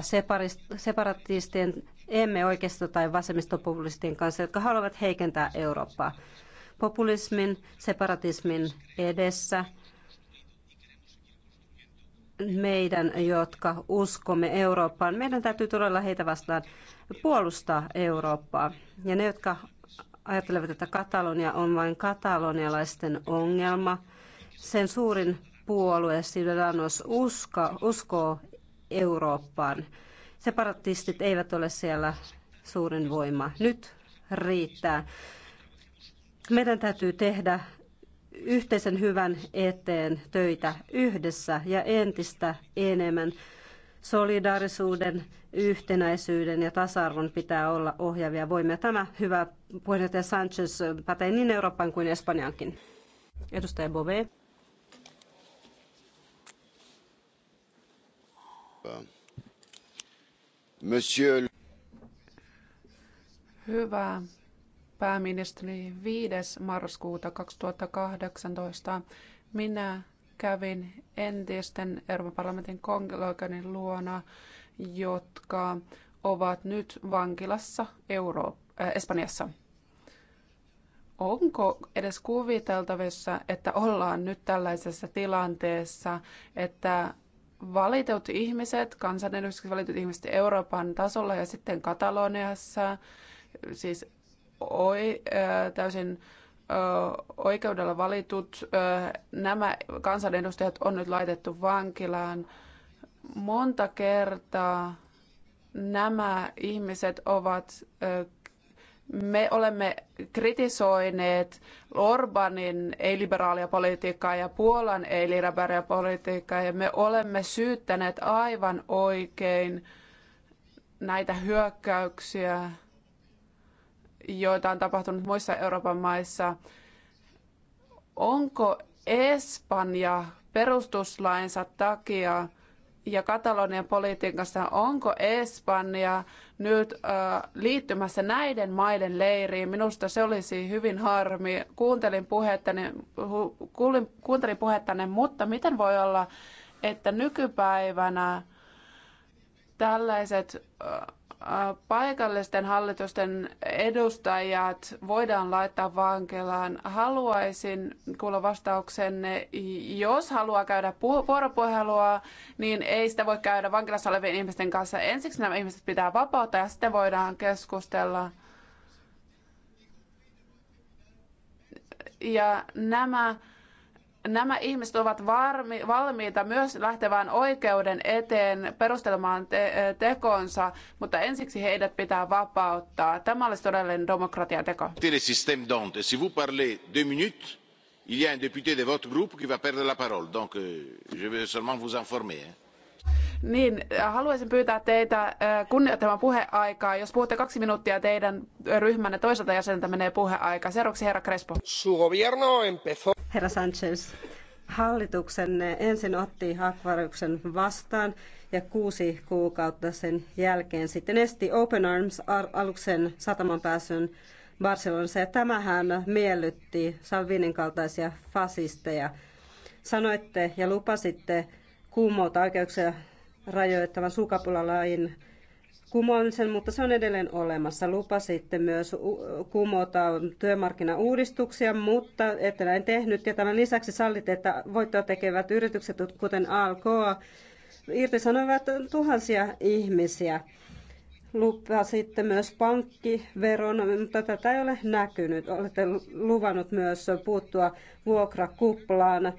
separatistien, emme oikeisto- tai vasemmistopopulistien kanssa, jotka haluavat heikentää Eurooppaa. Populismin, separatismin edessä meidän, jotka uskomme Eurooppaan, meidän täytyy todella heitä vastaan puolustaa Eurooppaa. Ja ne, jotka ajattelevat, että Katalonia on vain katalonialaisten ongelma. Sen suurin puolue, Ciudadanos, usko, uskoo Eurooppaan. Separatistit eivät ole siellä suurin voima. Nyt riittää. Meidän täytyy tehdä yhteisen hyvän eteen töitä yhdessä ja entistä enemmän. Solidaarisuuden, yhtenäisyyden ja tasa-arvon pitää olla ohjaavia voimia. Tämä hyvä puheenjohtaja Sanchez pätee niin Euroopan kuin Espanjankin. Edustaja Bove. Monsieur... Hyvä pääministeri, 5. marraskuuta 2018 minä kävin entisten Euroopan parlamentin kollegoiden luona, jotka ovat nyt vankilassa Euro- äh, Espanjassa. Onko edes kuviteltavissa, että ollaan nyt tällaisessa tilanteessa, että valitut ihmiset, kansanedustajat, valitut ihmiset Euroopan tasolla ja sitten Kataloniassa, siis oi, äh, täysin äh, oikeudella valitut, nämä kansanedustajat on nyt laitettu vankilaan. Monta kertaa nämä ihmiset ovat, me olemme kritisoineet Orbanin ei-liberaalia politiikkaa ja Puolan ei-liberaalia politiikkaa ja me olemme syyttäneet aivan oikein näitä hyökkäyksiä joita on tapahtunut muissa Euroopan maissa. Onko Espanja perustuslainsa takia ja Katalonian politiikassa, onko Espanja nyt äh, liittymässä näiden maiden leiriin. Minusta se olisi hyvin harmi. Kuuntelin puhettani, hu, kuulin, kuuntelin puhettani, mutta miten voi olla, että nykypäivänä tällaiset äh, paikallisten hallitusten edustajat voidaan laittaa vankilaan. Haluaisin kuulla vastauksenne, jos haluaa käydä vuoropuhelua, niin ei sitä voi käydä vankilassa olevien ihmisten kanssa. Ensiksi nämä ihmiset pitää vapauttaa ja sitten voidaan keskustella. Ja nämä nämä ihmiset ovat varmi, valmiita myös lähtevään oikeuden eteen perustelemaan te, tekonsa, mutta ensiksi heidät pitää vapauttaa. Tämä olisi todellinen demokratiateko. Si vous parlez deux minutes, il y a un député de votre groupe qui va perdre la parole. Donc, euh, je vais seulement vous informer. Niin, haluaisin pyytää teitä kunnioittamaan puheaikaa. Jos puhutte kaksi minuuttia, teidän ryhmänne toiselta jäseneltä menee puheaika. Seuraavaksi herra Crespo. empezó... Herra Sanchez, hallituksenne ensin otti Akvaryksen vastaan ja kuusi kuukautta sen jälkeen sitten esti Open Arms-aluksen sataman pääsyn Barcelonassa ja tämähän miellytti Salvinin kaltaisia fasisteja. Sanoitte ja lupasitte kuumouta oikeuksia rajoittavan sukapulalain kumoamisen, mutta se on edelleen olemassa. Lupa sitten myös kumota työmarkkinauudistuksia, mutta ette näin tehnyt. Ja tämän lisäksi sallit, että voittoa tekevät yritykset, kuten ALK, irtisanoivat tuhansia ihmisiä. Lupa sitten myös pankkiveron, mutta tätä ei ole näkynyt. Olette luvannut myös puuttua vuokrakuplaan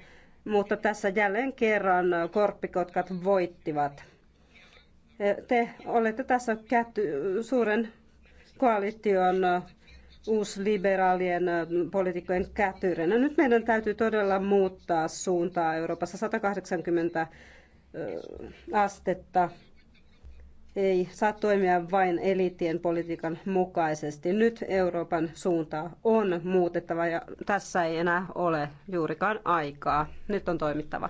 mutta tässä jälleen kerran korppikotkat voittivat. E, te olette tässä kätty, suuren koalition uusliberaalien poliitikkojen kätyränä. Nyt meidän täytyy todella muuttaa suuntaa Euroopassa 180 e, astetta ei saa toimia vain eliittien politiikan mukaisesti. Nyt Euroopan suuntaa on muutettava ja tässä ei enää ole juurikaan aikaa. Nyt on toimittava.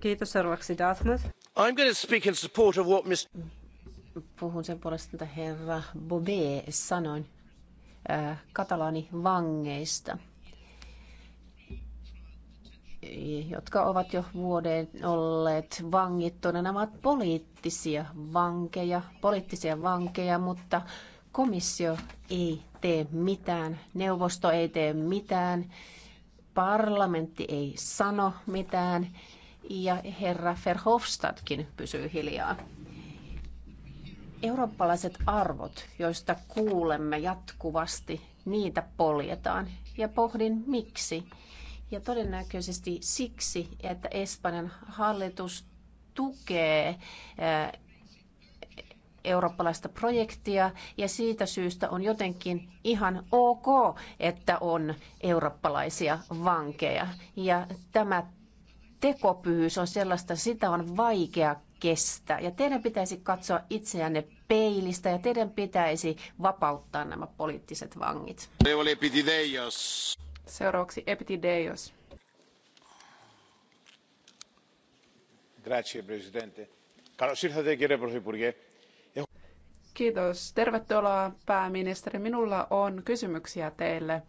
Kiitos seuraavaksi Dartmouth. I'm going to speak in support of what Mr. Puhun sen puolesta, että herra Bobé sanoi äh, katalani vangeista jotka ovat jo vuoden olleet vangittuna. Nämä ovat poliittisia vankeja, poliittisia vankeja, mutta komissio ei tee mitään, neuvosto ei tee mitään, parlamentti ei sano mitään ja herra Verhofstadtkin pysyy hiljaa. Eurooppalaiset arvot, joista kuulemme jatkuvasti, niitä poljetaan ja pohdin miksi. Ja todennäköisesti siksi, että Espanjan hallitus tukee eh, eurooppalaista projektia ja siitä syystä on jotenkin ihan ok, että on eurooppalaisia vankeja. Ja tämä tekopyhyys on sellaista, sitä on vaikea kestää. Ja teidän pitäisi katsoa itseänne peilistä ja teidän pitäisi vapauttaa nämä poliittiset vangit. Seuraavaksi Epitideios. Grazie, presidente. ήρθατε, κύριε Πρωθυπουργέ. Kiitos. Tervetuloa pääministeri. Minulla on kysymyksiä teille.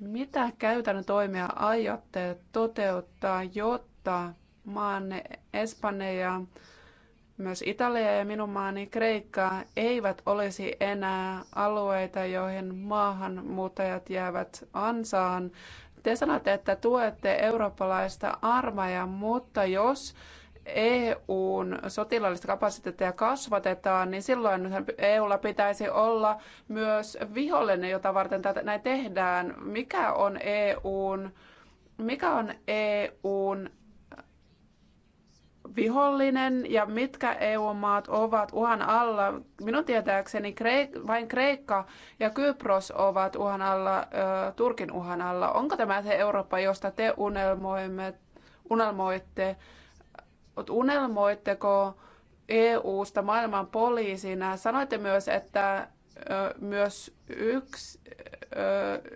Mitä käytännön toimia aiotte toteuttaa, jotta maan Espanja myös Italia ja minun maani Kreikka eivät olisi enää alueita, joihin maahanmuuttajat jäävät ansaan. Te sanotte, että tuette eurooppalaista armeijaa, mutta jos EUn sotilaallista kapasiteettia kasvatetaan, niin silloin EUlla pitäisi olla myös vihollinen, jota varten tätä näin tehdään. Mikä on EUn, mikä on EUn vihollinen ja mitkä EU-maat ovat uhan alla. Minun tietääkseni Kreik- vain Kreikka ja Kypros ovat uhan alla, ö, Turkin uhan alla. Onko tämä se Eurooppa, josta te unelmoimme, unelmoitte? Unelmoitteko EU-sta maailman poliisina? Sanoitte myös, että ö, myös yksi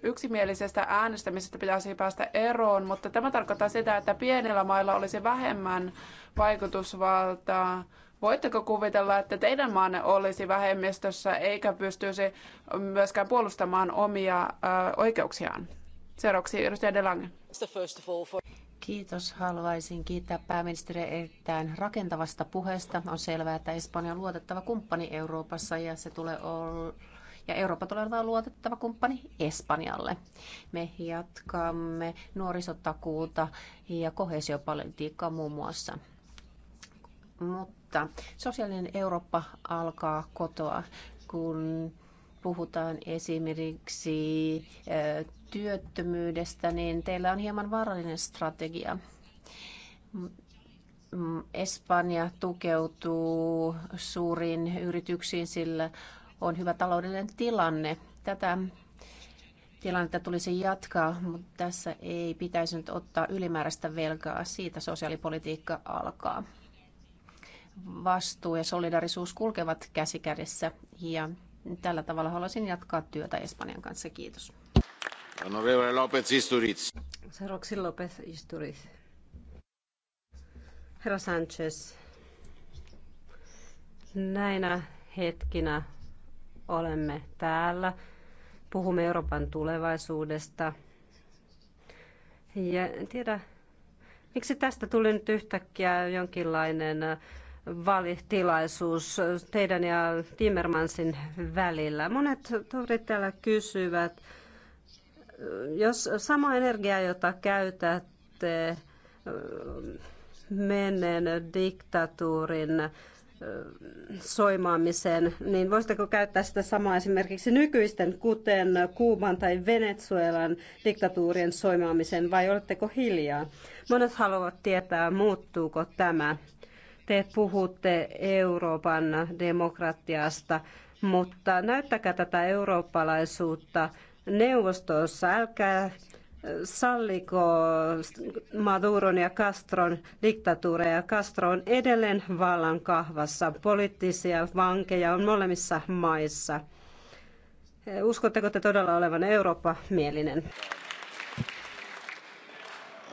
yksimielisestä äänestämisestä pitäisi päästä eroon, mutta tämä tarkoittaa sitä, että pienillä mailla olisi vähemmän vaikutusvaltaa. Voitteko kuvitella, että teidän maanne olisi vähemmistössä eikä pystyisi myöskään puolustamaan omia oikeuksiaan? Seuraavaksi edustaja Delange. Kiitos. Haluaisin kiittää pääministeriä erittäin rakentavasta puheesta. On selvää, että Espanja on luotettava kumppani Euroopassa ja se tulee ja Eurooppa tulee olemaan luotettava kumppani Espanjalle. Me jatkamme nuorisotakuuta ja kohesiopolitiikkaa muun muassa. Mutta sosiaalinen Eurooppa alkaa kotoa, kun puhutaan esimerkiksi työttömyydestä, niin teillä on hieman vaarallinen strategia. Mm, mm, Espanja tukeutuu suuriin yrityksiin, sillä on hyvä taloudellinen tilanne. Tätä tilannetta tulisi jatkaa, mutta tässä ei pitäisi nyt ottaa ylimääräistä velkaa. Siitä sosiaalipolitiikka alkaa. Vastuu ja solidarisuus kulkevat käsi kädessä ja tällä tavalla haluaisin jatkaa työtä Espanjan kanssa. Kiitos. Honorable López Isturiz. Seuraavaksi López Isturiz. Herra Sanchez, näinä hetkinä olemme täällä, puhumme Euroopan tulevaisuudesta. Ja en tiedä, miksi tästä tuli nyt yhtäkkiä jonkinlainen valitilaisuus teidän ja Timmermansin välillä. Monet tuurit täällä kysyvät, jos sama energia, jota käytätte, menneen diktatuurin soimaamiseen, niin voisitteko käyttää sitä samaa esimerkiksi nykyisten, kuten Kuuban tai Venezuelan diktatuurien soimaamiseen, vai oletteko hiljaa? Monet haluavat tietää, muuttuuko tämä. Te puhutte Euroopan demokratiasta, mutta näyttäkää tätä eurooppalaisuutta neuvostossa. Älkää salliko Maduron ja Castron diktatuureja. Castro on edelleen vallan kahvassa. Poliittisia vankeja on molemmissa maissa. Uskotteko te todella olevan Eurooppa-mielinen?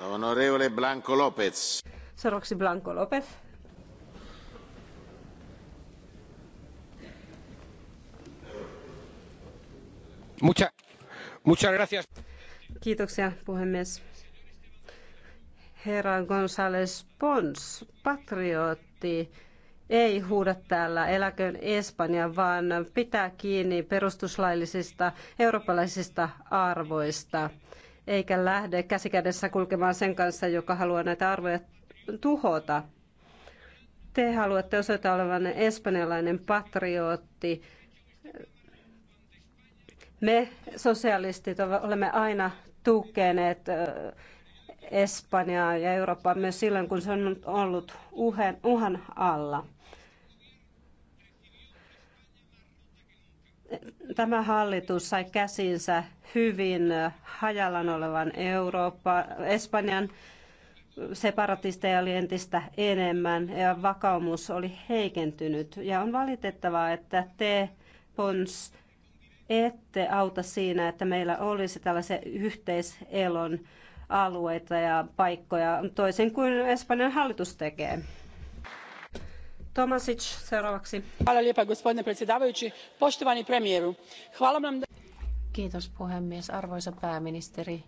Honorevole Blanco Lopez. Seuraavaksi Blanco Lopez. Mucha, muchas gracias. Kiitoksia puhemies. Herra González Pons, patriotti, ei huuda täällä eläköön Espanja, vaan pitää kiinni perustuslaillisista eurooppalaisista arvoista, eikä lähde käsikädessä kulkemaan sen kanssa, joka haluaa näitä arvoja tuhota. Te haluatte osoittaa olevan espanjalainen patriotti. Me sosialistit olemme aina tukeneet Espanjaa ja Eurooppaa myös silloin, kun se on ollut uhan alla. Tämä hallitus sai käsiinsä hyvin hajallaan olevan Eurooppa, Espanjan separatisteja oli entistä enemmän ja vakaumus oli heikentynyt. Ja on valitettavaa, että te, Pons, ette auta siinä, että meillä olisi tällaisia yhteiselon alueita ja paikkoja, toisin kuin Espanjan hallitus tekee. Tomasic, seuraavaksi. Hvala lijepa, gospodine predsjedavajući. Poštovani premijeru, hvala vam... Kiitos puhemies. Arvoisa pääministeri,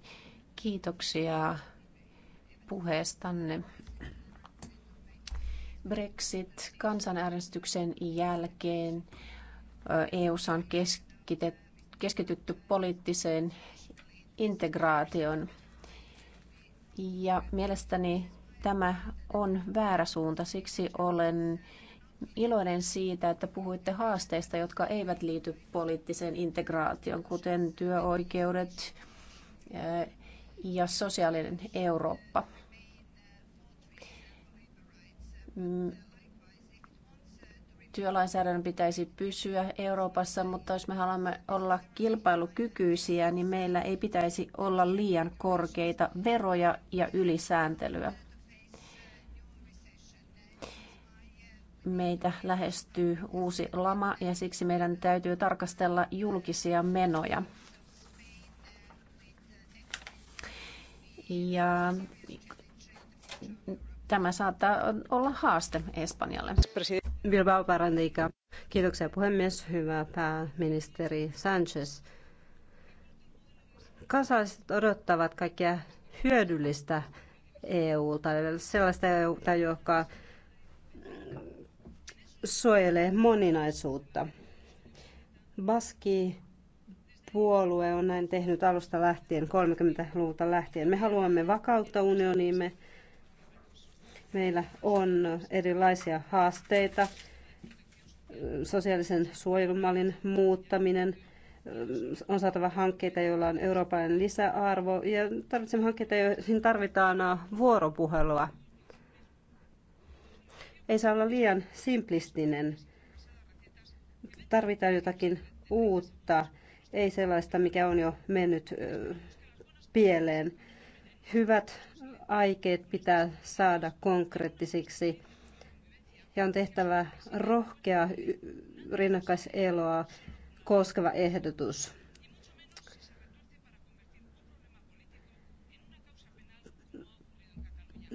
kiitoksia puheestanne. Brexit kansanäänestyksen jälkeen EU on kes- keskitytty poliittiseen integraation. Ja mielestäni tämä on väärä suunta, siksi olen iloinen siitä, että puhuitte haasteista, jotka eivät liity poliittiseen integraatioon, kuten työoikeudet eh, ja sosiaalinen Eurooppa mm, työlainsäädännön pitäisi pysyä Euroopassa, mutta jos me haluamme olla kilpailukykyisiä, niin meillä ei pitäisi olla liian korkeita veroja ja ylisääntelyä. Meitä lähestyy uusi lama ja siksi meidän täytyy tarkastella julkisia menoja. Ja tämä saattaa olla haaste Espanjalle. Bilbao Barandiika. Kiitoksia puhemies, hyvä pääministeri Sanchez. Kansalaiset odottavat kaikkea hyödyllistä EUlta, sellaista EU-ta, joka suojelee moninaisuutta. Baski puolue on näin tehnyt alusta lähtien, 30-luvulta lähtien. Me haluamme vakautta unioniimme Meillä on erilaisia haasteita, sosiaalisen suojelumallin muuttaminen, on saatava hankkeita, joilla on eurooppalainen lisäarvo ja tarvitsemme hankkeita, joihin tarvitaan vuoropuhelua. Ei saa olla liian simplistinen. Tarvitaan jotakin uutta, ei sellaista, mikä on jo mennyt pieleen. Hyvät aikeet pitää saada konkreettisiksi ja on tehtävä rohkea rinnakkaiseloa koskeva ehdotus.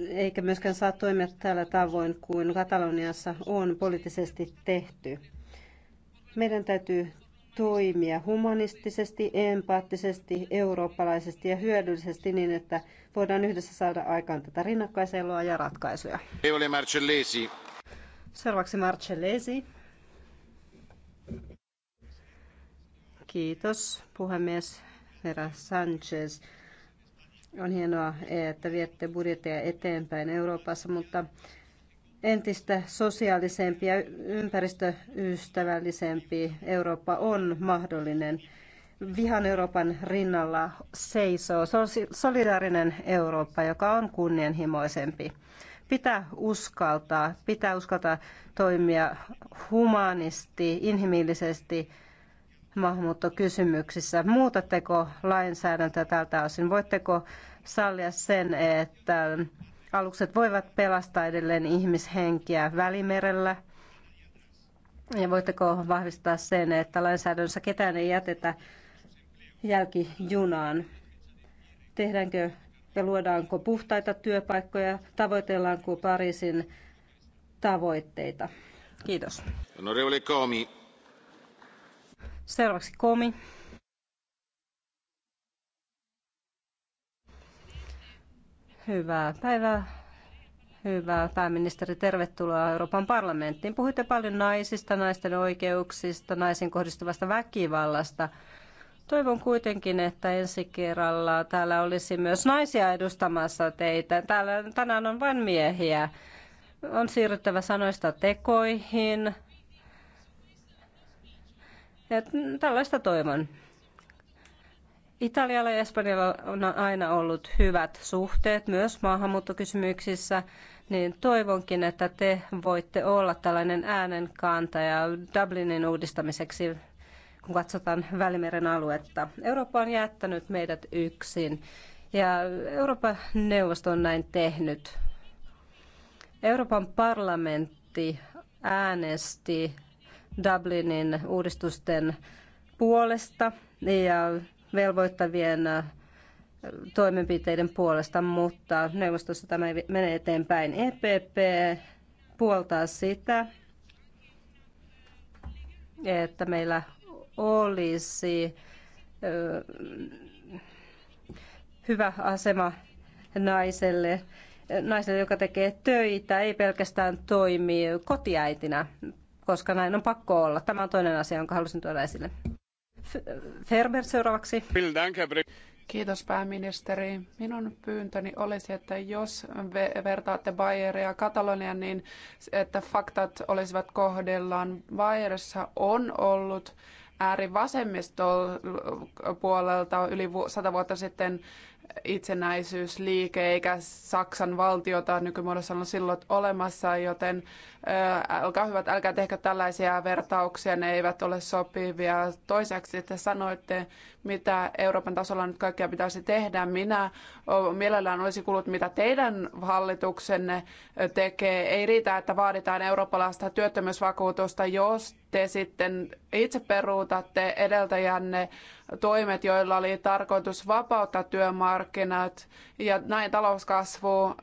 Eikä myöskään saa toimia tällä tavoin kuin Kataloniassa on poliittisesti tehty. Meidän täytyy toimia humanistisesti, empaattisesti, eurooppalaisesti ja hyödyllisesti niin, että voidaan yhdessä saada aikaan tätä rinnakkaiseloa ja ratkaisuja. Marcellesi. Seuraavaksi Marcellesi. Kiitos puhemies Vera Sanchez. On hienoa, että viette budjetteja eteenpäin Euroopassa, mutta entistä sosiaalisempi ja ympäristöystävällisempi Eurooppa on mahdollinen. Vihan Euroopan rinnalla seisoo solidaarinen Eurooppa, joka on kunnianhimoisempi. Pitää uskaltaa, pitää uskaltaa toimia humanisti, inhimillisesti maahanmuuttokysymyksissä. Muutatteko lainsäädäntöä tältä osin? Voitteko sallia sen, että Alukset voivat pelastaa edelleen ihmishenkiä välimerellä. Ja voitteko vahvistaa sen, että lainsäädännössä ketään ei jätetä jälkijunaan? Tehdäänkö ja luodaanko puhtaita työpaikkoja? Tavoitellaanko Pariisin tavoitteita? Kiitos. Honorevole Komi. Seuraavaksi Komi. Hyvää päivää. Hyvä pääministeri, tervetuloa Euroopan parlamenttiin. Puhuitte paljon naisista, naisten oikeuksista, naisiin kohdistuvasta väkivallasta. Toivon kuitenkin, että ensi kerralla täällä olisi myös naisia edustamassa teitä. Täällä tänään on vain miehiä. On siirryttävä sanoista tekoihin. Ja tällaista toivon. Italialla ja Espanjalla on aina ollut hyvät suhteet myös maahanmuuttokysymyksissä, niin toivonkin, että te voitte olla tällainen äänenkantaja Dublinin uudistamiseksi, kun katsotaan Välimeren aluetta. Eurooppa on jättänyt meidät yksin ja Euroopan neuvosto on näin tehnyt. Euroopan parlamentti äänesti Dublinin uudistusten puolesta ja velvoittavien toimenpiteiden puolesta, mutta neuvostossa tämä menee eteenpäin. EPP puoltaa sitä, että meillä olisi hyvä asema naiselle, naiselle, joka tekee töitä, ei pelkästään toimi kotiäitinä, koska näin on pakko olla. Tämä on toinen asia, jonka halusin tuoda esille. Ferber seuraavaksi. Kiitos pääministeri. Minun pyyntöni olisi, että jos vertaatte Bayeria Katalonia, niin että faktat olisivat kohdellaan. Bayerissa on ollut äärivasemmistopuolelta yli sata vuotta sitten itsenäisyysliike, eikä Saksan valtiota nykymuodossa ole silloin olemassa, joten olkaa hyvät, älkää tehkö tällaisia vertauksia, ne eivät ole sopivia. Toiseksi te sanoitte, mitä Euroopan tasolla nyt kaikkea pitäisi tehdä. Minä mielellään olisi kuullut, mitä teidän hallituksenne tekee. Ei riitä, että vaaditaan eurooppalaista työttömyysvakuutusta, jos te sitten itse peruutatte edeltäjänne toimet, joilla oli tarkoitus vapauttaa työmarkkinat ja näin talouskasvu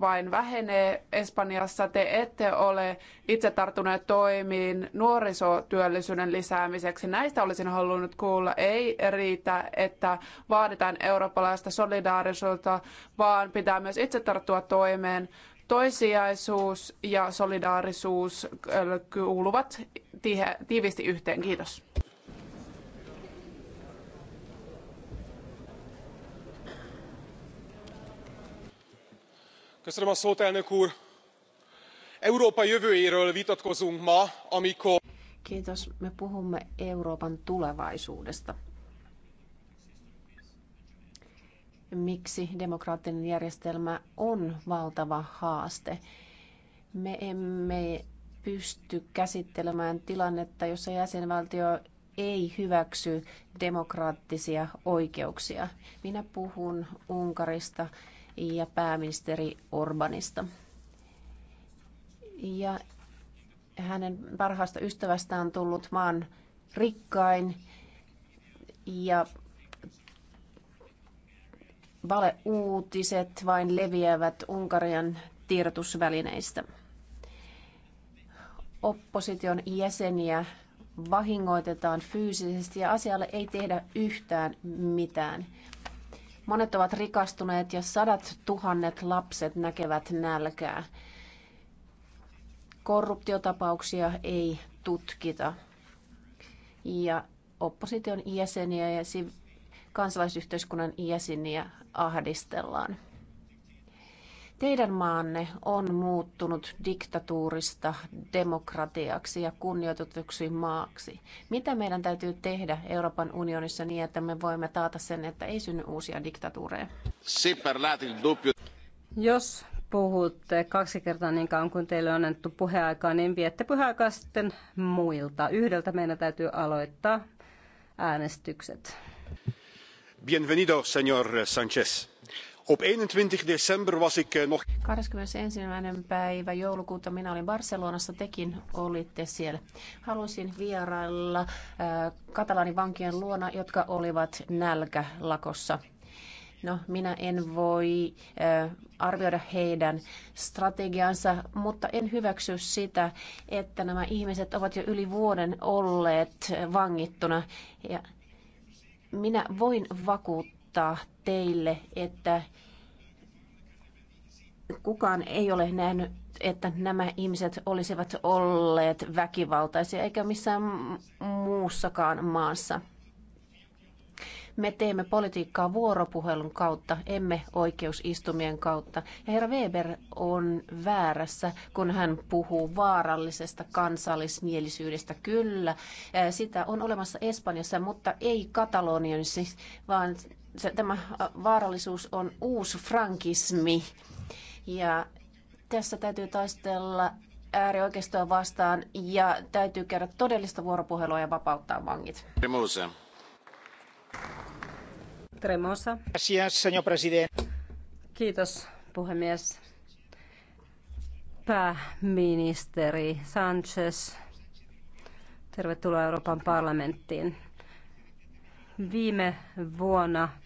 vain vähenee Espanjassa. Te ette ette ole itse tarttuneet toimiin nuorisotyöllisyyden lisäämiseksi. Näistä olisin halunnut kuulla. Ei riitä, että vaaditaan eurooppalaista solidaarisuutta, vaan pitää myös itse tarttua toimeen. Toisiaisuus ja solidaarisuus kuuluvat tiiviisti yhteen. Kiitos. elnök úr! Európa jövőjéről vitatkozunk ma, amikor... Kiitos. Me puhumme Euroopan tulevaisuudesta. Miksi demokraattinen järjestelmä on valtava haaste? Me emme pysty käsittelemään tilannetta, jossa jäsenvaltio ei hyväksy demokraattisia oikeuksia. Minä puhun Unkarista ja pääministeri Orbanista ja hänen parhaasta ystävästään on tullut maan rikkain ja valeuutiset vain leviävät Unkarian tiedotusvälineistä. Opposition jäseniä vahingoitetaan fyysisesti ja asialle ei tehdä yhtään mitään. Monet ovat rikastuneet ja sadat tuhannet lapset näkevät nälkää korruptiotapauksia ei tutkita. Ja opposition jäseniä ja kansalaisyhteiskunnan jäseniä ahdistellaan. Teidän maanne on muuttunut diktatuurista demokratiaksi ja kunnioitetuksi maaksi. Mitä meidän täytyy tehdä Euroopan unionissa niin, että me voimme taata sen, että ei synny uusia diktatuureja? Jos puhutte kaksi kertaa niin kauan kuin teille on annettu puheaikaa, niin viette puheaikaa sitten muilta. Yhdeltä meidän täytyy aloittaa äänestykset. Bienvenido, señor Sanchez. Op 21 december was ik eh, nog... 21. päivä joulukuuta minä olin Barcelonassa, tekin olitte siellä. Halusin vierailla äh, eh, katalanivankien luona, jotka olivat nälkälakossa. No, minä en voi arvioida heidän strategiansa, mutta en hyväksy sitä, että nämä ihmiset ovat jo yli vuoden olleet vangittuna. Ja minä voin vakuuttaa teille, että kukaan ei ole nähnyt, että nämä ihmiset olisivat olleet väkivaltaisia, eikä missään muussakaan maassa. Me teemme politiikkaa vuoropuhelun kautta, emme oikeusistumien kautta. Ja herra Weber on väärässä, kun hän puhuu vaarallisesta kansallismielisyydestä. Kyllä, sitä on olemassa Espanjassa, mutta ei Kataloniassa, vaan se, tämä vaarallisuus on uusi frankismi. Ja tässä täytyy taistella äärioikeistoa vastaan ja täytyy käydä todellista vuoropuhelua ja vapauttaa vangit. Tremosa. señor presidente. Kiitos, puhemies. Pääministeri Sanchez, tervetuloa Euroopan parlamenttiin. Viime vuonna